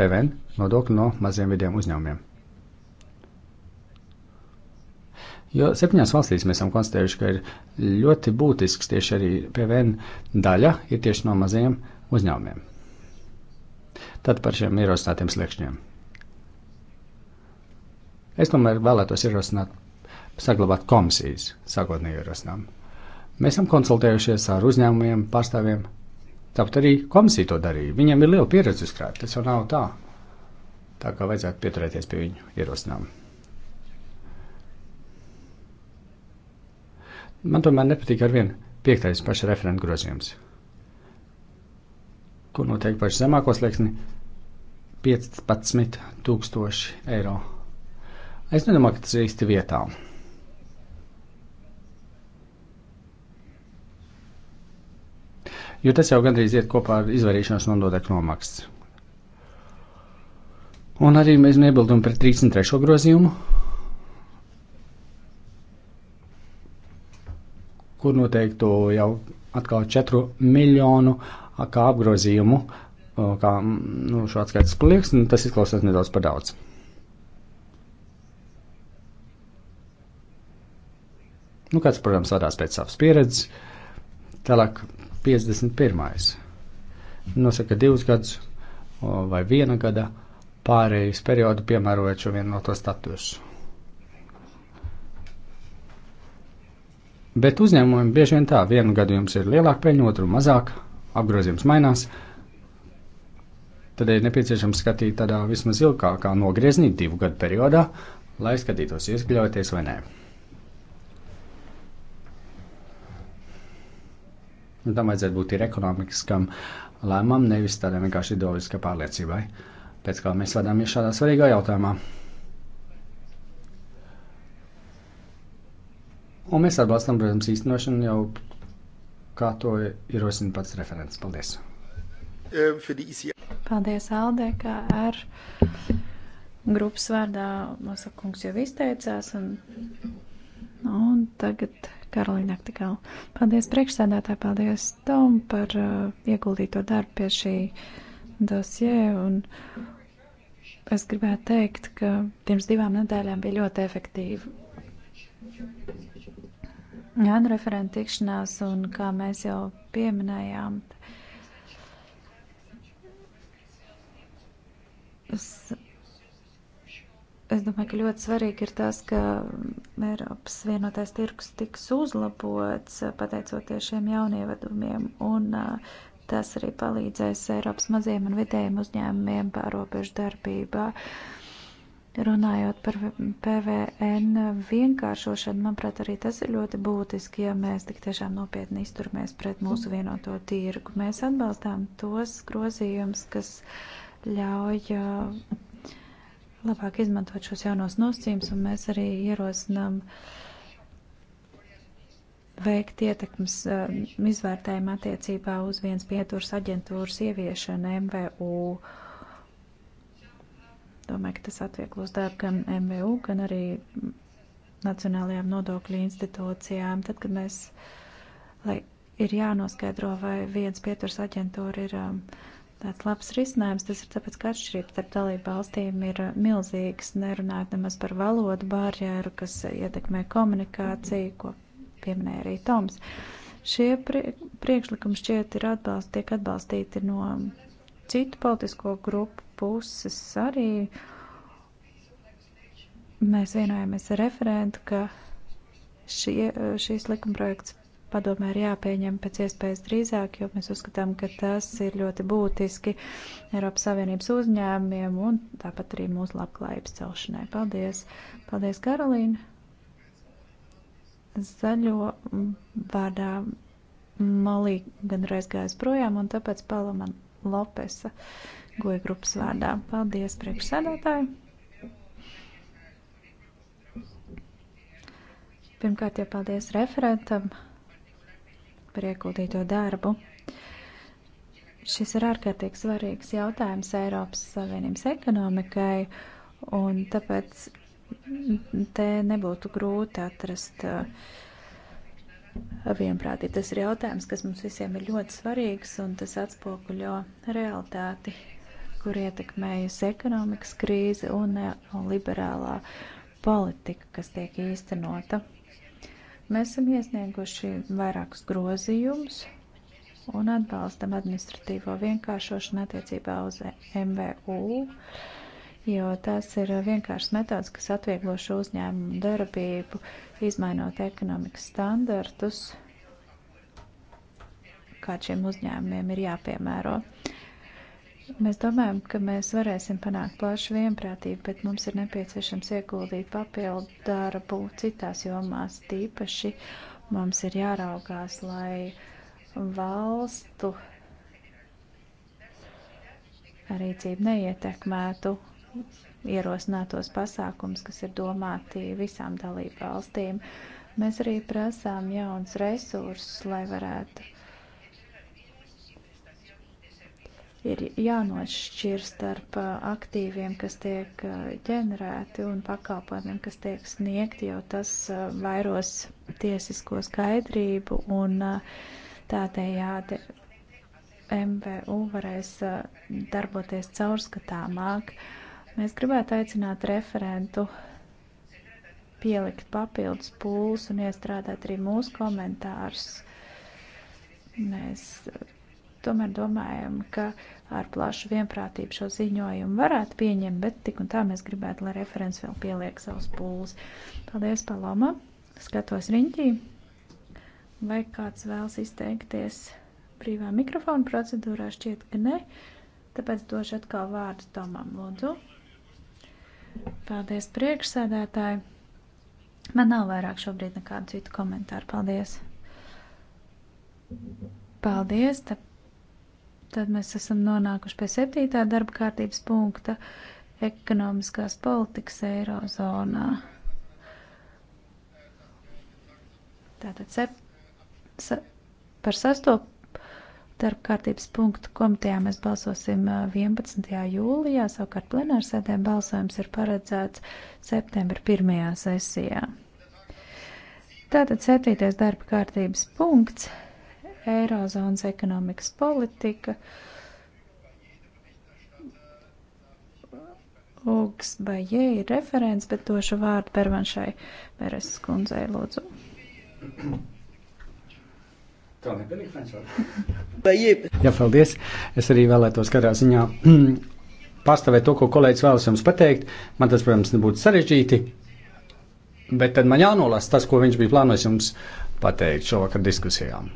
PVN nodokli no maziem vidiem uzņēmumiem. Jo septiņās valstīs mēs esam konstatējuši, ka ir ļoti būtisks tieši arī PVN daļa ir tieši no mazajiem uzņēmumiem. Tad par šiem ierosinātiem sliekšņiem. Es tomēr vēlētos ierosināt, saglabāt komisijas sākotnējo ierosinājumu. Mēs esam konsultējušies ar uzņēmumiem, pārstāvjiem. Tāpat arī komisija to darīja. Viņiem ir liela pieredze uzkrāta. Tas jau nav tā. Tā kā vajadzētu pieturēties pie viņu ierosinājumu. Man tomēr nepatīk ar vienu piektais paša referenta grozījums, kur noteikti paši zemāko slieksni 15 tūkstoši eiro. Es nedomāju, ka tas ir īsti vietā. Jo tas jau gandrīz iet kopā ar izvairīšanos no nodokļu nomaksas. Un arī mēs nebildumu pret 33. grozījumu, kur noteiktu jau atkal 4 miljonu kā apgrozījumu, kā nu, šo atskaites plieks, un nu, tas izklausās nedaudz par daudz. Nu, kāds, protams, vadās pēc savas pieredzes. Tālāk 51. Nosaka divus gadus vai viena gada pārējais periodu piemērojot šo vienoto no statusu. Bet uzņēmumiem bieži vien tā, vienu gadu jums ir lielāka peļņa, otru mazāk, apgrozījums mainās. Tad ir nepieciešams skatīt tādā vismaz ilgākā nogriezienī, divu gadu periodā, lai skatītos, ieskļauties vai nē. Un nu, tam vajadzētu būt ir ekonomiskam lēmumam, nevis tādam vienkārši ideoloģiskam pārliecībai, pēc kā mēs vadāmies šādā svarīgā jautājumā. Un mēs atbalstam, protams, īstenošanu jau kā to ierosina pats referents. Paldies! Ehm, paldies, Aldē, kā ar grupas vārdā Masakungs jau izteicās. Un, nu, un tagad Karolīna Aktikāla. Paldies priekšsēdētāji, paldies Tom par uh, ieguldīto darbu pie šī dosie. Un es gribētu teikt, ka pirms divām nedēļām bija ļoti efektīva Jānu referenta tikšanās, un kā mēs jau pieminējām, es, es domāju, ka ļoti svarīgi ir tas, ka Eiropas vienotais tirkus tiks uzlabots pateicoties šiem jaunievedumiem, un uh, tas arī palīdzēs Eiropas maziem un vidējiem uzņēmumiem pārobežu darbībā. Uh, Runājot par PVN vienkāršošanu, manuprāt, arī tas ir ļoti būtiski, ja mēs tik tiešām nopietni izturmies pret mūsu vienoto tirgu. Mēs atbalstām tos grozījumus, kas ļauj labāk izmantot šos jaunos nosacījumus, un mēs arī ierosinām veikt ietekmes izvērtējumu attiecībā uz viens pieturs aģentūras ieviešanu MVU. Domāju, ka tas atvieglos darbu gan MVU, gan arī nacionālajām nodokļu institūcijām. Tad, kad mēs, lai ir jānoskaidro, vai viens pieturs aģentūra ir um, tāds labs risinājums, tas ir tāpēc, ka atšķirības starp dalību valstīm ir uh, milzīgas, nerunājot nemaz par valodu barjeru, kas ietekmē komunikāciju, ko pieminēja arī Toms. Šie priekšlikumi šķiet ir atbalst, tiek atbalstīti no citu politisko grupu puses arī mēs vienojamies ar referentu, ka šie, šīs likumprojekts padomē ir jāpieņem pēc iespējas drīzāk, jo mēs uzskatām, ka tas ir ļoti būtiski Eiropas Savienības uzņēmumiem un tāpat arī mūsu labklājības celšanai. Paldies! Paldies, Karolīna! Zaļo vārdā malī gan reiz gājas projām un tāpēc Palama Lopesa goja grupas vārdā. Paldies, priekšsēdētāji! Pirmkārt, jau paldies referentam par ieguldīto darbu. Šis ir ārkārtīgi svarīgs jautājums Eiropas Savienības ekonomikai, un tāpēc te nebūtu grūti atrast uh, vienprātību. Tas ir jautājums, kas mums visiem ir ļoti svarīgs, un tas atspoguļo realitāti kur ietekmējusi ekonomikas krīze un neoliberālā politika, kas tiek īstenota. Mēs esam iesnieguši vairākus grozījumus un atbalstam administratīvo vienkāršošanu attiecībā uz MVU, jo tās ir vienkāršas metodas, kas atvieglo šo uzņēmumu darbību, izmainot ekonomikas standartus, kā šiem uzņēmumiem ir jāpiemēro. Mēs domājam, ka mēs varēsim panākt plašu vienprātību, bet mums ir nepieciešams ieguldīt papildu darbu citās jomās. Tīpaši mums ir jāraugās, lai valstu rīcība neietekmētu ierosinātos pasākums, kas ir domāti visām dalību valstīm. Mēs arī prasām jauns resursus, lai varētu ir jānošķir starp aktīviem, kas tiek ģenerēti un pakalpojumiem, kas tiek sniegti, jo tas vairos tiesisko skaidrību un tādējādi MVU varēs darboties caurskatāmāk. Mēs gribētu aicināt referentu pielikt papildus pūles un iestrādāt arī mūsu komentārus. Mēs tomēr domājam, ka ar plašu vienprātību šo ziņojumu varētu pieņemt, bet tik un tā mēs gribētu, lai referents vēl pieliek savus pūles. Paldies, Paloma! Skatos riņķī. Vai kāds vēlas izteikties brīvā mikrofona procedūrā? Šķiet, ka ne. Tāpēc došu atkal vārdu Tomam Lūdzu. Paldies, priekšsēdētāji! Man nav vairāk šobrīd nekādu citu komentāru. Paldies! Paldies! Tad Tad mēs esam nonākuši pie septītā darba kārtības punkta - ekonomiskās politikas eirozonā. Tātad sep, se, par sesto darba kārtības punktu komitejā mēs balsosim 11. jūlijā, savukārt plenārsēdē balsojums ir paredzēts septembra pirmajā sesijā. Tātad septītais darba kārtības punkts Eirozonas ekonomikas politika Lūgs Bajē ir referents, bet došu vārdu pervanšai Beres skundzei, lūdzu. [laughs] Jā, paldies. Es arī vēlētos kādā ziņā [clears throat] pārstāvēt to, ko kolēģis vēlas jums pateikt. Man tas, protams, nebūtu sarežģīti, bet tad man jānolasa tas, ko viņš bija plānojis jums pateikt šovakar diskusijām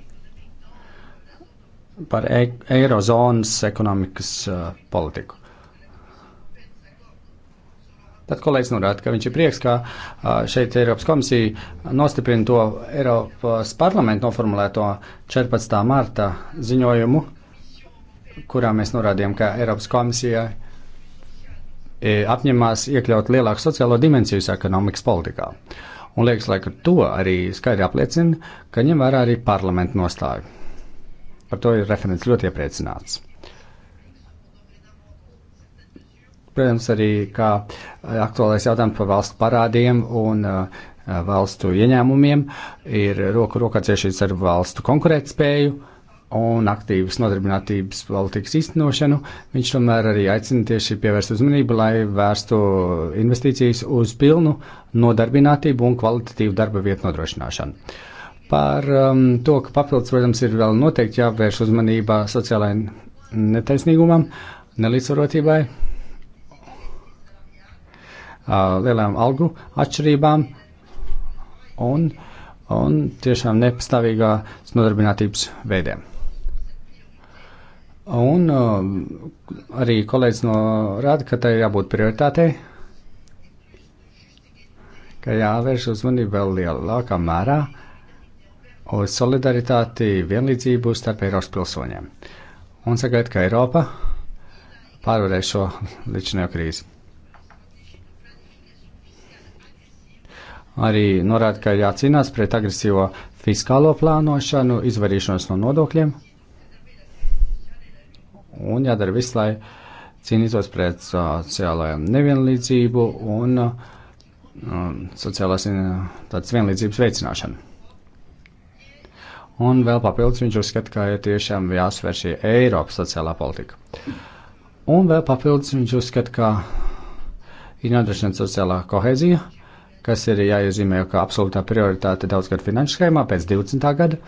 par e eirozonas ekonomikas uh, politiku. Tad kolēģis norāda, ka viņš ir prieks, ka uh, šeit Eiropas komisija nostiprina to Eiropas parlamentu noformulēto 14. marta ziņojumu, kurā mēs norādījām, ka Eiropas komisija e, apņemās iekļaut lielāku sociālo dimensiju ekonomikas politikā. Un liekas, lai ar to arī skaidri apliecina, ka ņem vērā arī parlamentu nostāju. Par to ir referents ļoti iepriecināts. Protams, arī kā eh, aktuālais jautājums par valstu parādiem un uh, valstu ieņēmumiem ir roku rokā ciešīts ar valstu konkurētspēju un aktīvas nodarbinātības politikas īstenošanu. Viņš tomēr arī aicina tieši pievērst uzmanību, lai vērstu investīcijas uz pilnu nodarbinātību un kvalitatīvu darba vietu nodrošināšanu par um, to, ka papildus, protams, ir vēl noteikti jāvērš uzmanībā sociālajai netaisnīgumam, nelīdzsvarotībai, uh, lielām algu atšķirībām un, un tiešām nepastāvīgās nodarbinātības veidiem. Un um, arī kolēģis norāda, ka tai jābūt prioritātei, ka jāvērš uzmanība vēl lielākā mērā uh, uz solidaritāti, vienlīdzību starp Eiropas pilsoņiem. Un sagaid, ka Eiropa pārvarēs šo līdzinējo krīzi. Arī norāda, ka ir jācīnās pret agresīvo fiskālo plānošanu, izvarīšanos no nodokļiem un jādara viss, lai cīnītos pret sociālajām nevienlīdzību un uh, sociālās uh, tādas vienlīdzības veicināšanu. Un vēl papildus viņš uzskata, ka ir tiešām jāsver šī Eiropas sociālā politika. Un vēl papildus viņš uzskata, ka ir nodrošināta sociālā kohēzija, kas ir jāiezīmē kā absolūtā prioritāte daudzgad finanšu schēmā pēc 20. gada,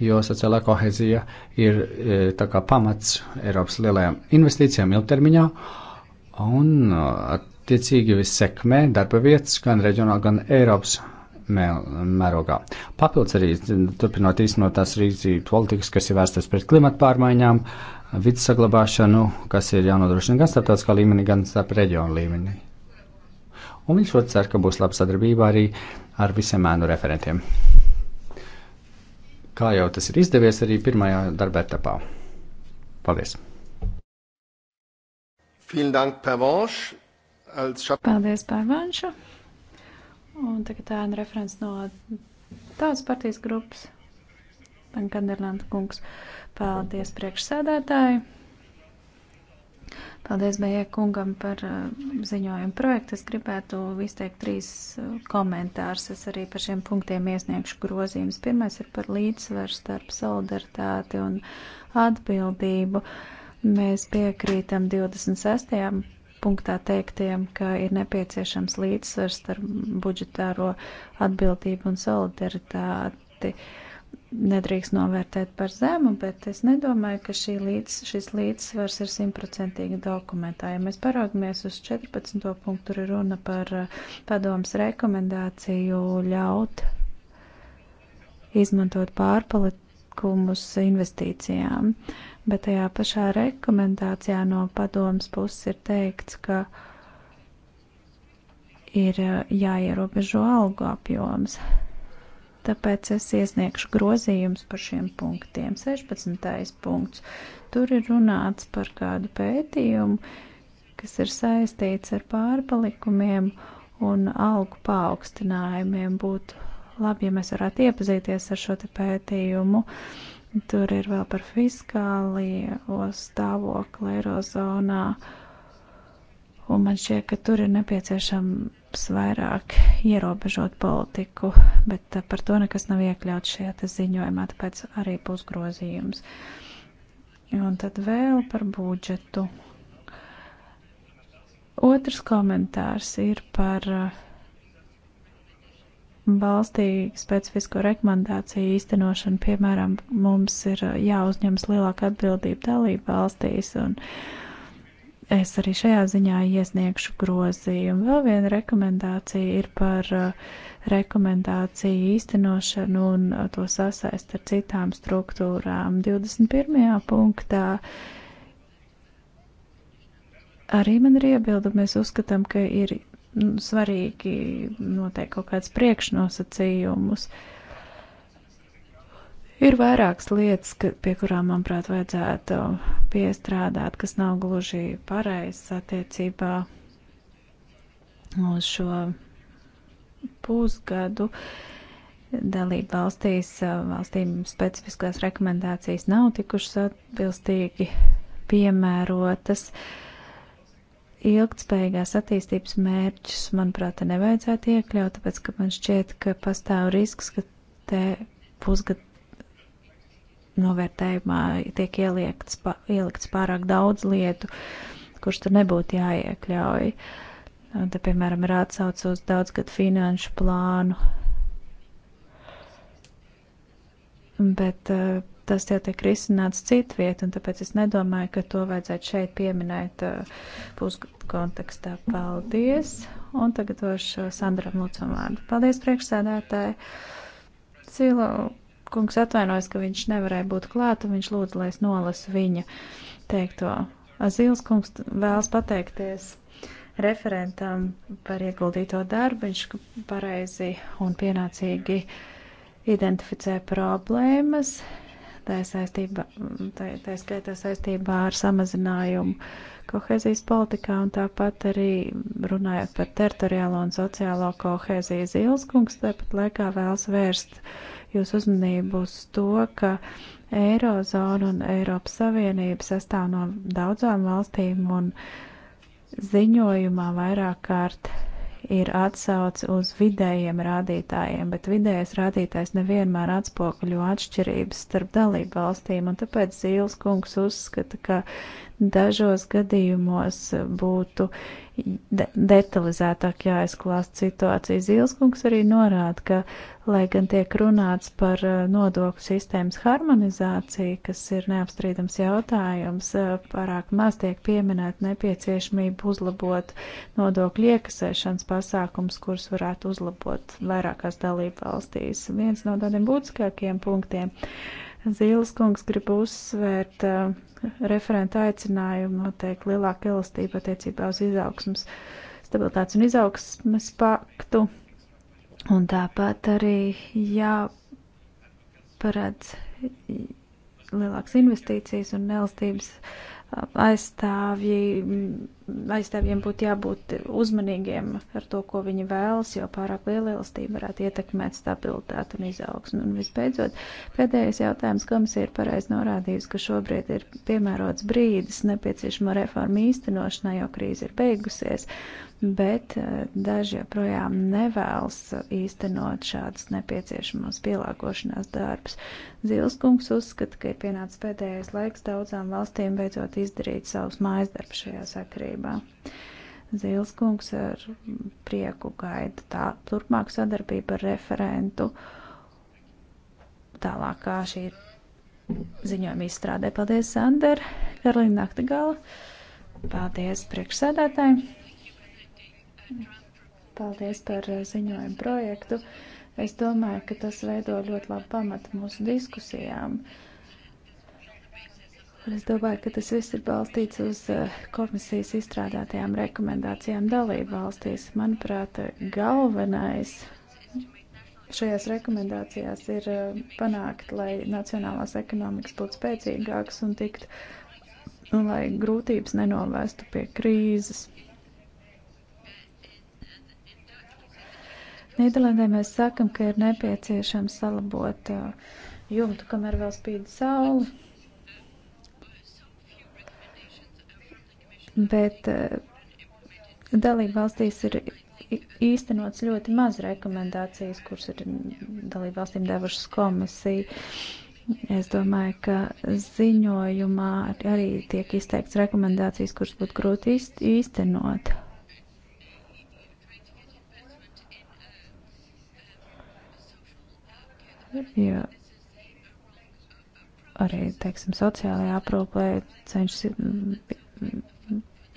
jo sociālā kohēzija ir e, tā kā pamats Eiropas lielajām investīcijām ilgtermiņā un e, attiecīgi vissekmē darba vietas gan reģionāli, gan Eiropas mērogā. Papildus arī turpinot īstenot tās rīcību politikas, kas ir vērstas pret klimatu pārmaiņām, vidas saglabāšanu, kas ir jānodrošina gan starptautiskā līmenī, gan starp reģionu līmenī. Un viņš ļoti cer, ka būs laba sadarbība arī ar visiem ēnu referentiem. Kā jau tas ir izdevies arī pirmajā darba etapā. Paldies! Paldies, Pērvanša! Un tagad tā ir referents no tādas partijas grupas. Pankanderlanda kungs. Paldies priekšsēdētāji. Paldies Bējai kungam par uh, ziņojumu projektu. Es gribētu izteikt trīs uh, komentārus. Es arī par šiem punktiem iesniegšu grozījumus. Pirmais ir par līdzsvaru starp solidaritāti un atbildību. Mēs piekrītam 26 punktā teiktiem, ka ir nepieciešams līdzsvars starp budžetāro atbildību un solidaritāti. Nedrīkst novērtēt par zemu, bet es nedomāju, ka līdz, šis līdzsvars ir simtprocentīgi dokumentā. Ja mēs paraugamies uz 14. punktu, tur ir runa par uh, padomas rekomendāciju ļaut izmantot pārpalikumus investīcijām. Uh, bet tajā pašā rekomendācijā no padomas puses ir teikts, ka ir uh, jāierobežo algu apjoms. Tāpēc es iesniegšu grozījumus par šiem punktiem. 16. punkts. Tur ir runāts par kādu pētījumu, kas ir saistīts ar pārpalikumiem un algu paaugstinājumiem. Būtu labi, ja mēs varētu iepazīties ar šo pētījumu. Uh, Tur ir vēl par fiskālo stāvokli Eirozonā. Un man šķiet, ka tur ir nepieciešams vairāk ierobežot politiku, bet eh, par to nekas nav iekļauts šajā ziņojumā, tāpēc arī būs grozījums. Un tad vēl par budžetu. Otrs komentārs ir par uh, valstī specifisko rekomendāciju īstenošanu, piemēram, mums ir uh, jāuzņemas lielāka atbildība dalība valstīs, un es arī šajā ziņā iesniegšu grozījumu. Vēl viena rekomendācija ir par uh, rekomendāciju īstenošanu un uh, to sasaist ar citām struktūrām. 21. punktā arī man ir iebildumi, mēs uzskatām, ka ir svarīgi noteikt kaut kāds priekšnosacījumus. Ir vairākas lietas, ka, pie kurām, manuprāt, vajadzētu piestrādāt, kas nav gluži pareizs attiecībā uz šo pusgadu. Dalība valstīs, valstīm specifiskās rekomendācijas nav tikušas atbilstīgi piemērotas. Uh, ilgtspējīgās attīstības mērķus, manuprāt, nevajadzētu iekļaut, tāpēc, ka man šķiet, ka pastāv risks, ka te pusgadu novērtējumā tiek ieliekts, pa, ielikts pārāk daudz lietu, kurš tur nebūtu jāiekļauj. Un te, piemēram, ir atsauce uz daudzgadu finanšu plānu. Bet uh, tas jau tiek risināts citviet, un tāpēc es nedomāju, ka to vajadzētu šeit pieminēt uh, puskontekstā. Paldies! Un tagad došu Sandram Lucam vārdu. Paldies, priekšsēdētāji! Cilo kungs atvainojas, ka viņš nevarēja būt klāt, un viņš lūdza, lai es nolasu viņa teikto. Azils kungs vēlas pateikties referentam par ieguldīto darbu, viņš pareizi un pienācīgi identificē problēmas, tā, saistība, mm, tā, tā skaitā saistībā ar samazinājumu kohēzijas politikā un tāpat arī runājot par teritoriālo un sociālo kohēziju Zilskungs, tāpat laikā vēlas vērst jūs uzmanību uz to, ka Eirozona un Eiropas Savienība sastāv no daudzām valstīm un ziņojumā vairāk kārt ir atsauce uz vidējiem rādītājiem, bet vidējais rādītājs nevienmēr atspoguļo atšķirības starp dalību valstīm, un tāpēc Zīles kungs uzskata, ka dažos gadījumos būtu de detalizētāk jāizklāst situācija. Zilskungs arī norāda, ka, lai gan tiek runāts par eh, nodokļu sistēmas harmonizāciju, kas ir neapstrīdams jautājums, eh, pārāk maz tiek pieminēt nepieciešamību uzlabot nodokļu iekasēšanas pasākums, kurus varētu uzlabot vairākās dalību valstīs. Viens no tādiem būtiskākiem punktiem. Uh, Zīles kungs grib uzsvērt uh, referenta aicinājumu noteikti lielāka elastība attiecībā uz izaugsmas, stabilitātes un izaugsmas paktu. Un tāpat arī jāparedz lielākas investīcijas un nelastības aizstāvji, aizstāvjiem būtu jābūt uzmanīgiem ar to, ko viņi vēlas, jo pārāk liela elastība varētu ietekmēt stabilitāti un izaugsmu. Un visbeidzot, pēdējais jautājums komisija ir pareizi norādījusi, ka šobrīd ir piemērots brīdis nepieciešamo reformu īstenošanai, jo krīze ir beigusies bet eh, daži joprojām nevēlas īstenot šādus nepieciešamos pielāgošanās darbus. Zilskungs uzskata, ka ir pienācis pēdējais laiks daudzām valstīm beidzot izdarīt savus mājas darbus šajā sakrībā. Zilskungs ar prieku gaida tā turpmāk sadarbību ar referentu tālāk kā šī ziņojuma izstrādē. Paldies, Sander, Karolīna Naktigala. Paldies priekšsēdētājiem. Paldies par eh, ziņojumu projektu. Es domāju, ka tas veido ļoti labu pamatu mūsu diskusijām. Un es domāju, ka tas viss ir balstīts uz eh, komisijas izstrādātajām rekomendācijām dalību valstīs. Manuprāt, galvenais šajās rekomendācijās ir eh, panākt, lai nacionālās ekonomikas būtu spēcīgākas un tikt, un nu, lai grūtības nenovestu pie krīzes. Nīderlandē mēs sakam, ka ir nepieciešams salabot uh, jumtu, kamēr vēl spīd saule. Bet uh, dalību valstīs ir īstenots ļoti maz rekomendācijas, kuras ir dalību valstīm devušas komisija. Es domāju, ka ziņojumā arī tiek izteikts rekomendācijas, kuras būtu grūti īstenot. jo arī, teiksim, sociālajā aprūpē cenšas mm,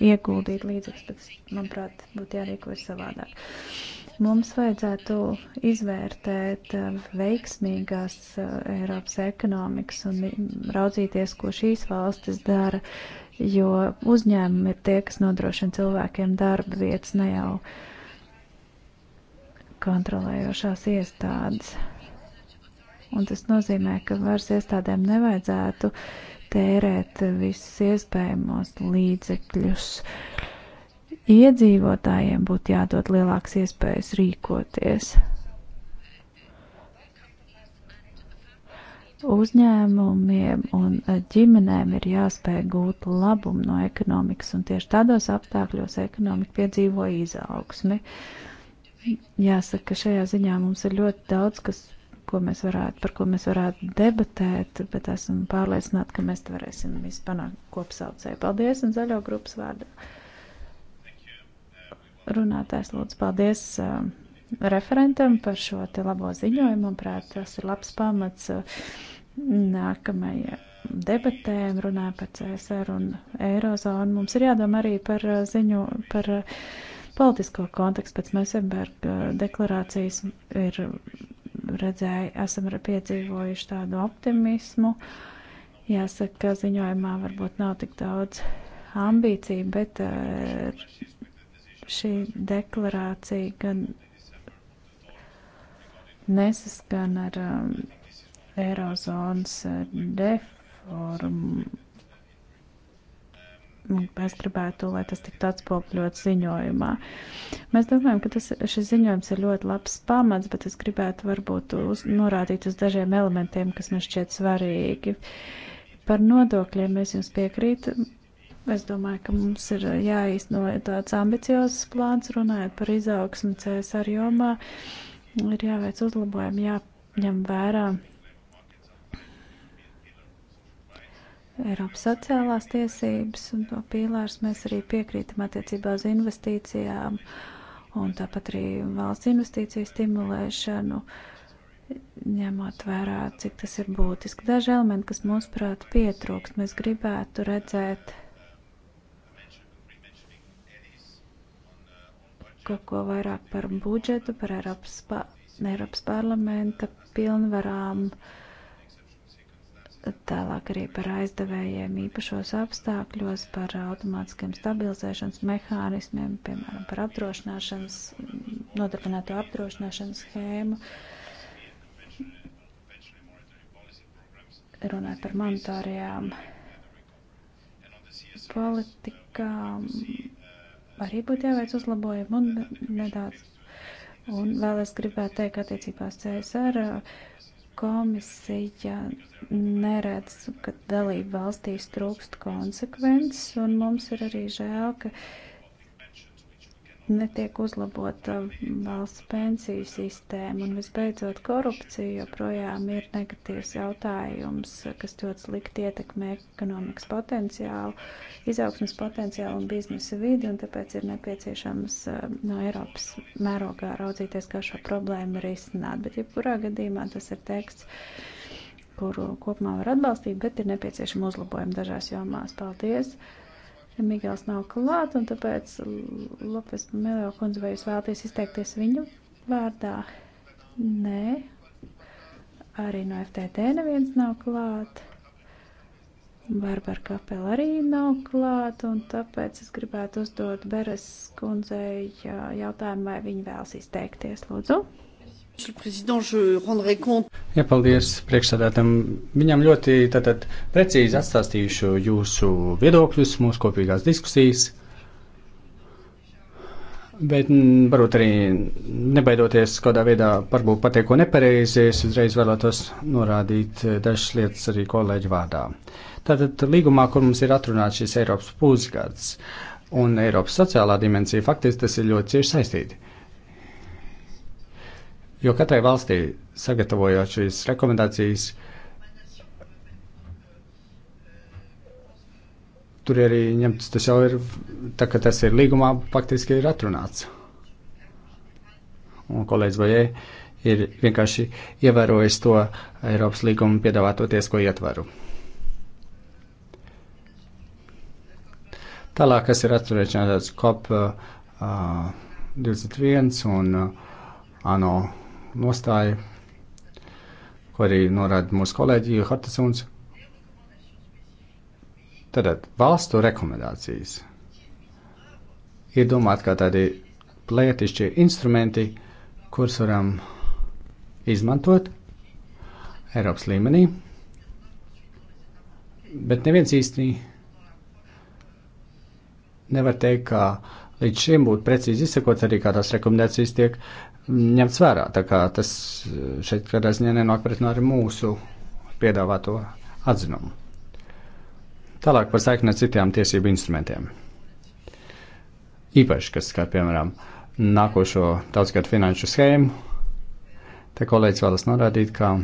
ieguldīt līdzekļus, bet, manuprāt, būtu jārīkojas savādāk. Mums vajadzētu izvērtēt eh, veiksmīgās eh, Eiropas ekonomikas un mm, raudzīties, ko šīs valstis dara, jo uzņēmumi ir tie, kas nodrošina cilvēkiem darba vietas, ne jau kontrolējošās iestādes. Un tas nozīmē, ka varas iestādēm nevajadzētu tērēt visus iespējamos līdzekļus. Iedzīvotājiem būtu jādod lielāks iespējas rīkoties. Uzņēmumiem un ģimenēm ir jāspēj gūt labumu no ekonomikas, un tieši tādos apstākļos ekonomika piedzīvo izaugsmi. Jāsaka, ka šajā ziņā mums ir ļoti daudz, kas ko mēs varētu, par ko mēs varētu debatēt, bet esam pārliecināti, ka mēs varēsim visu panākt kopsaucēju. Paldies un zaļo grupas vārdā. Runātājs lūdzu paldies uh, referentam par šo te labo ziņojumu. Manuprāt, tas ir labs pamats uh, nākamajai debatēm, runāja par CSR un Eirozonu. Mums ir jādomā arī par uh, ziņu, par uh, politisko kontekstu pēc Mēsenberga uh, deklarācijas ir redzēju, esam piedzīvojuši tādu optimismu. Jāsaka, ka ziņojumā varbūt nav tik daudz ambīciju, bet eh, šī deklarācija gan nesaskan ar um, Eirozonas reformu eh, Mēs nu, gribētu, lai tas tiktu atspokļot ziņojumā. Mēs domājam, ka tas, šis ziņojums ir ļoti labs pamats, bet es gribētu varbūt uz, norādīt uz dažiem elementiem, kas man šķiet svarīgi. Par nodokļiem mēs jums piekrītam. Es domāju, ka mums ir jāīsteno tāds ambiciozs plāns, runājot par izaugsmu CSR jomā. Ir jāveic uzlabojumi, jāņem vērā Eiropas sociālās tiesības un to pīlārs mēs arī piekrītam attiecībā uz investīcijām un tāpat arī valsts investīciju stimulēšanu, ņemot vērā, cik tas ir būtiski. Daži elementi, kas mums prāt pietrūkst, mēs gribētu redzēt kaut ko vairāk par budžetu, par Eiropas, pa, Eiropas parlamenta pilnvarām. Uh, tālāk arī par aizdevējiem īpašos apstākļos, par automātiskiem stabilizēšanas mehānismiem, piemēram, par apdrošināšanas, nodarbināto apdrošināšanas schēmu. Runāju par monetārajām politikām. Arī būtu jāveic uzlabojumi un nedaudz. Un vēl es gribētu teikt attiecībās CSR komisija neredz, ka dalība valstīs trūkst konsekvences, un mums ir arī žēl, ka netiek uzlabota um, valsts pensiju sistēma, un visbeidzot korupcija joprojām ir negatīvs jautājums, kas ļoti slikti ietekmē ekonomikas potenciālu, izaugsmas potenciālu un biznesa vidi, un tāpēc ir nepieciešams um, no Eiropas mērogā raudzīties, kā šo problēmu risināt. Bet, ja kurā gadījumā tas ir teksts, kuru kopumā var atbalstīt, bet ir nepieciešama uzlabojuma dažās jomās. Paldies! Migels nav klāt, un tāpēc Lopes Melio kundze, vai jūs vēlaties izteikties viņu vārdā? Nē. Arī no FTT neviens nav klāt. Barbara Kapela arī nav klāt, un tāpēc es gribētu uzdot Beres kundzei jautājumu, vai viņa vēlas izteikties, lūdzu. Jā, paldies priekšsādātam. Viņam ļoti tātad, precīzi atstāstīšu jūsu viedokļus, mūsu kopīgās diskusijas. Bet mm, varbūt arī nebaidoties kādā veidā varbūt pateiko nepareizi, es uzreiz vēlētos norādīt eh, dažas lietas arī kolēģi vārdā. Tātad līgumā, kur mums ir atrunāts šis Eiropas pusgads un Eiropas sociālā dimensija, faktiski tas ir ļoti cieši saistīti. Jo katrai valstī, sagatavojot šīs rekomendācijas, tur arī ņemts, tas jau ir, tā kā tas ir līgumā, faktiski ir atrunāts. Un kolēģis Bajē ir vienkārši ievērojis to Eiropas līguma piedāvāto tiesko ietvaru. Tālāk, kas ir atturēšanās COP uh, 21 un uh, ANO nostāja, ko arī norāda mūsu kolēģi Hortasuns. Tātad valstu rekomendācijas ir domāt kā tādi lietišķi instrumenti, kurus varam izmantot Eiropas līmenī, bet neviens īsti nevar teikt, ka līdz šim būtu precīzi izsekot arī, kā tās rekomendācijas tiek ņemts vērā. Tā kā tas eh, šeit kādā ziņā nenāk pretnā ar mūsu piedāvāto atzinumu. Tālāk par saikni ar citiem tiesību instrumentiem. Īpaši, kas skar, piemēram, nākošo daudzgadu finanšu schēmu, te kolēģis vēlas norādīt, ka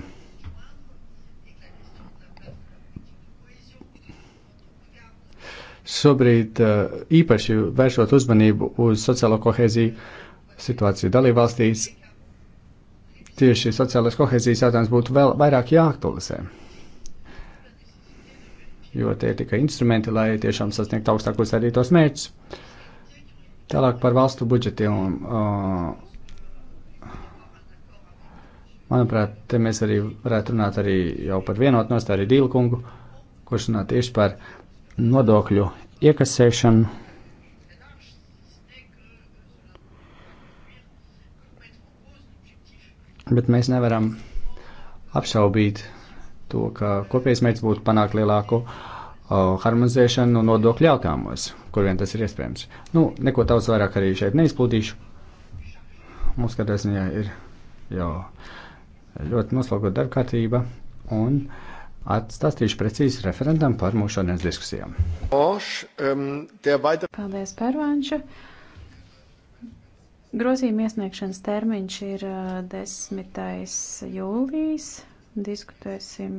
šobrīd eh, īpaši vēršot uzmanību uz sociālo kohēziju, situāciju dalībvalstīs, tieši sociālais kohezijas jautājums būtu vēl vairāk jāaktualizē. Jo tie ir tikai instrumenti, lai tiešām sasniegtu augstākos arī tos mērķus. Tālāk par valstu budžetiem. Uh, manuprāt, te mēs arī varētu runāt arī jau par vienotu nostāju Dīlkungu, kurš runā tieši par nodokļu iekasēšanu Bet mēs nevaram apšaubīt to, ka kopējais mērķis būtu panākt lielāku uh, harmonizēšanu nodokļu jautājumos, kur vien tas ir iespējams. Nu, neko daudz vairāk arī šeit neizplūdīšu. Mums katrā ziņā ir jau ļoti noslogota darba kārtība un atstāstīšu precīzi referentam par mūsu šodienas diskusijām. Um, Paldies, Pērvanča! Grozījuma iesniegšanas termiņš ir 10. jūlijas. Diskutēsim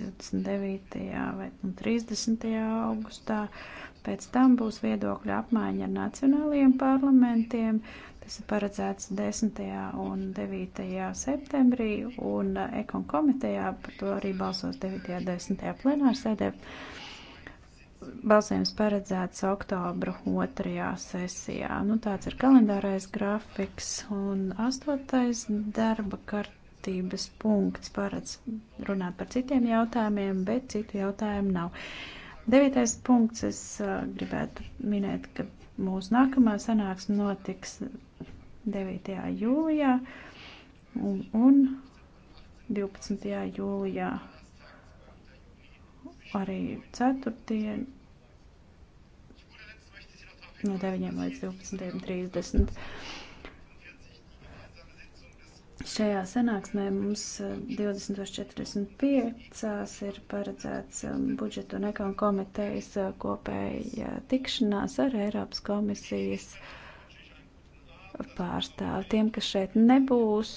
29. vai 30. Nu, augustā. Pēc tam būs viedokļa apmaiņa ar nacionālajiem parlamentiem. Tas ir paredzēts 10. un 9. septembrī, un ekon komitejā par to arī balsos 9. un 10. plenārsēdē. Ar balsojums paredzēts oktobra otrajā sesijā. Nu, tāds ir kalendārais grafiks un astotais darba kārtības punkts paredz runāt par citiem jautājumiem, bet citu jautājumu nav. Devītais punkts, es uh, gribētu minēt, ka mūsu nākamā sanāksme notiks 9. jūlijā un, un 12. jūlijā arī ceturtdien no 9 līdz 12.30. Šajā sanāksmē mums 20.45 eh, ir paredzēts um, budžeta un ekonomikas komitejas eh, kopēja tikšanās ar Eiropas komisijas pārstāvu. Tiem, kas šeit nebūs,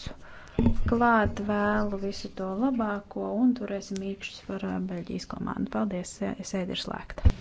klāt vēlu visu to labāko un turēsim īkšķus par eh, Beļģijas komandu. Paldies, sēdi ir slēgta.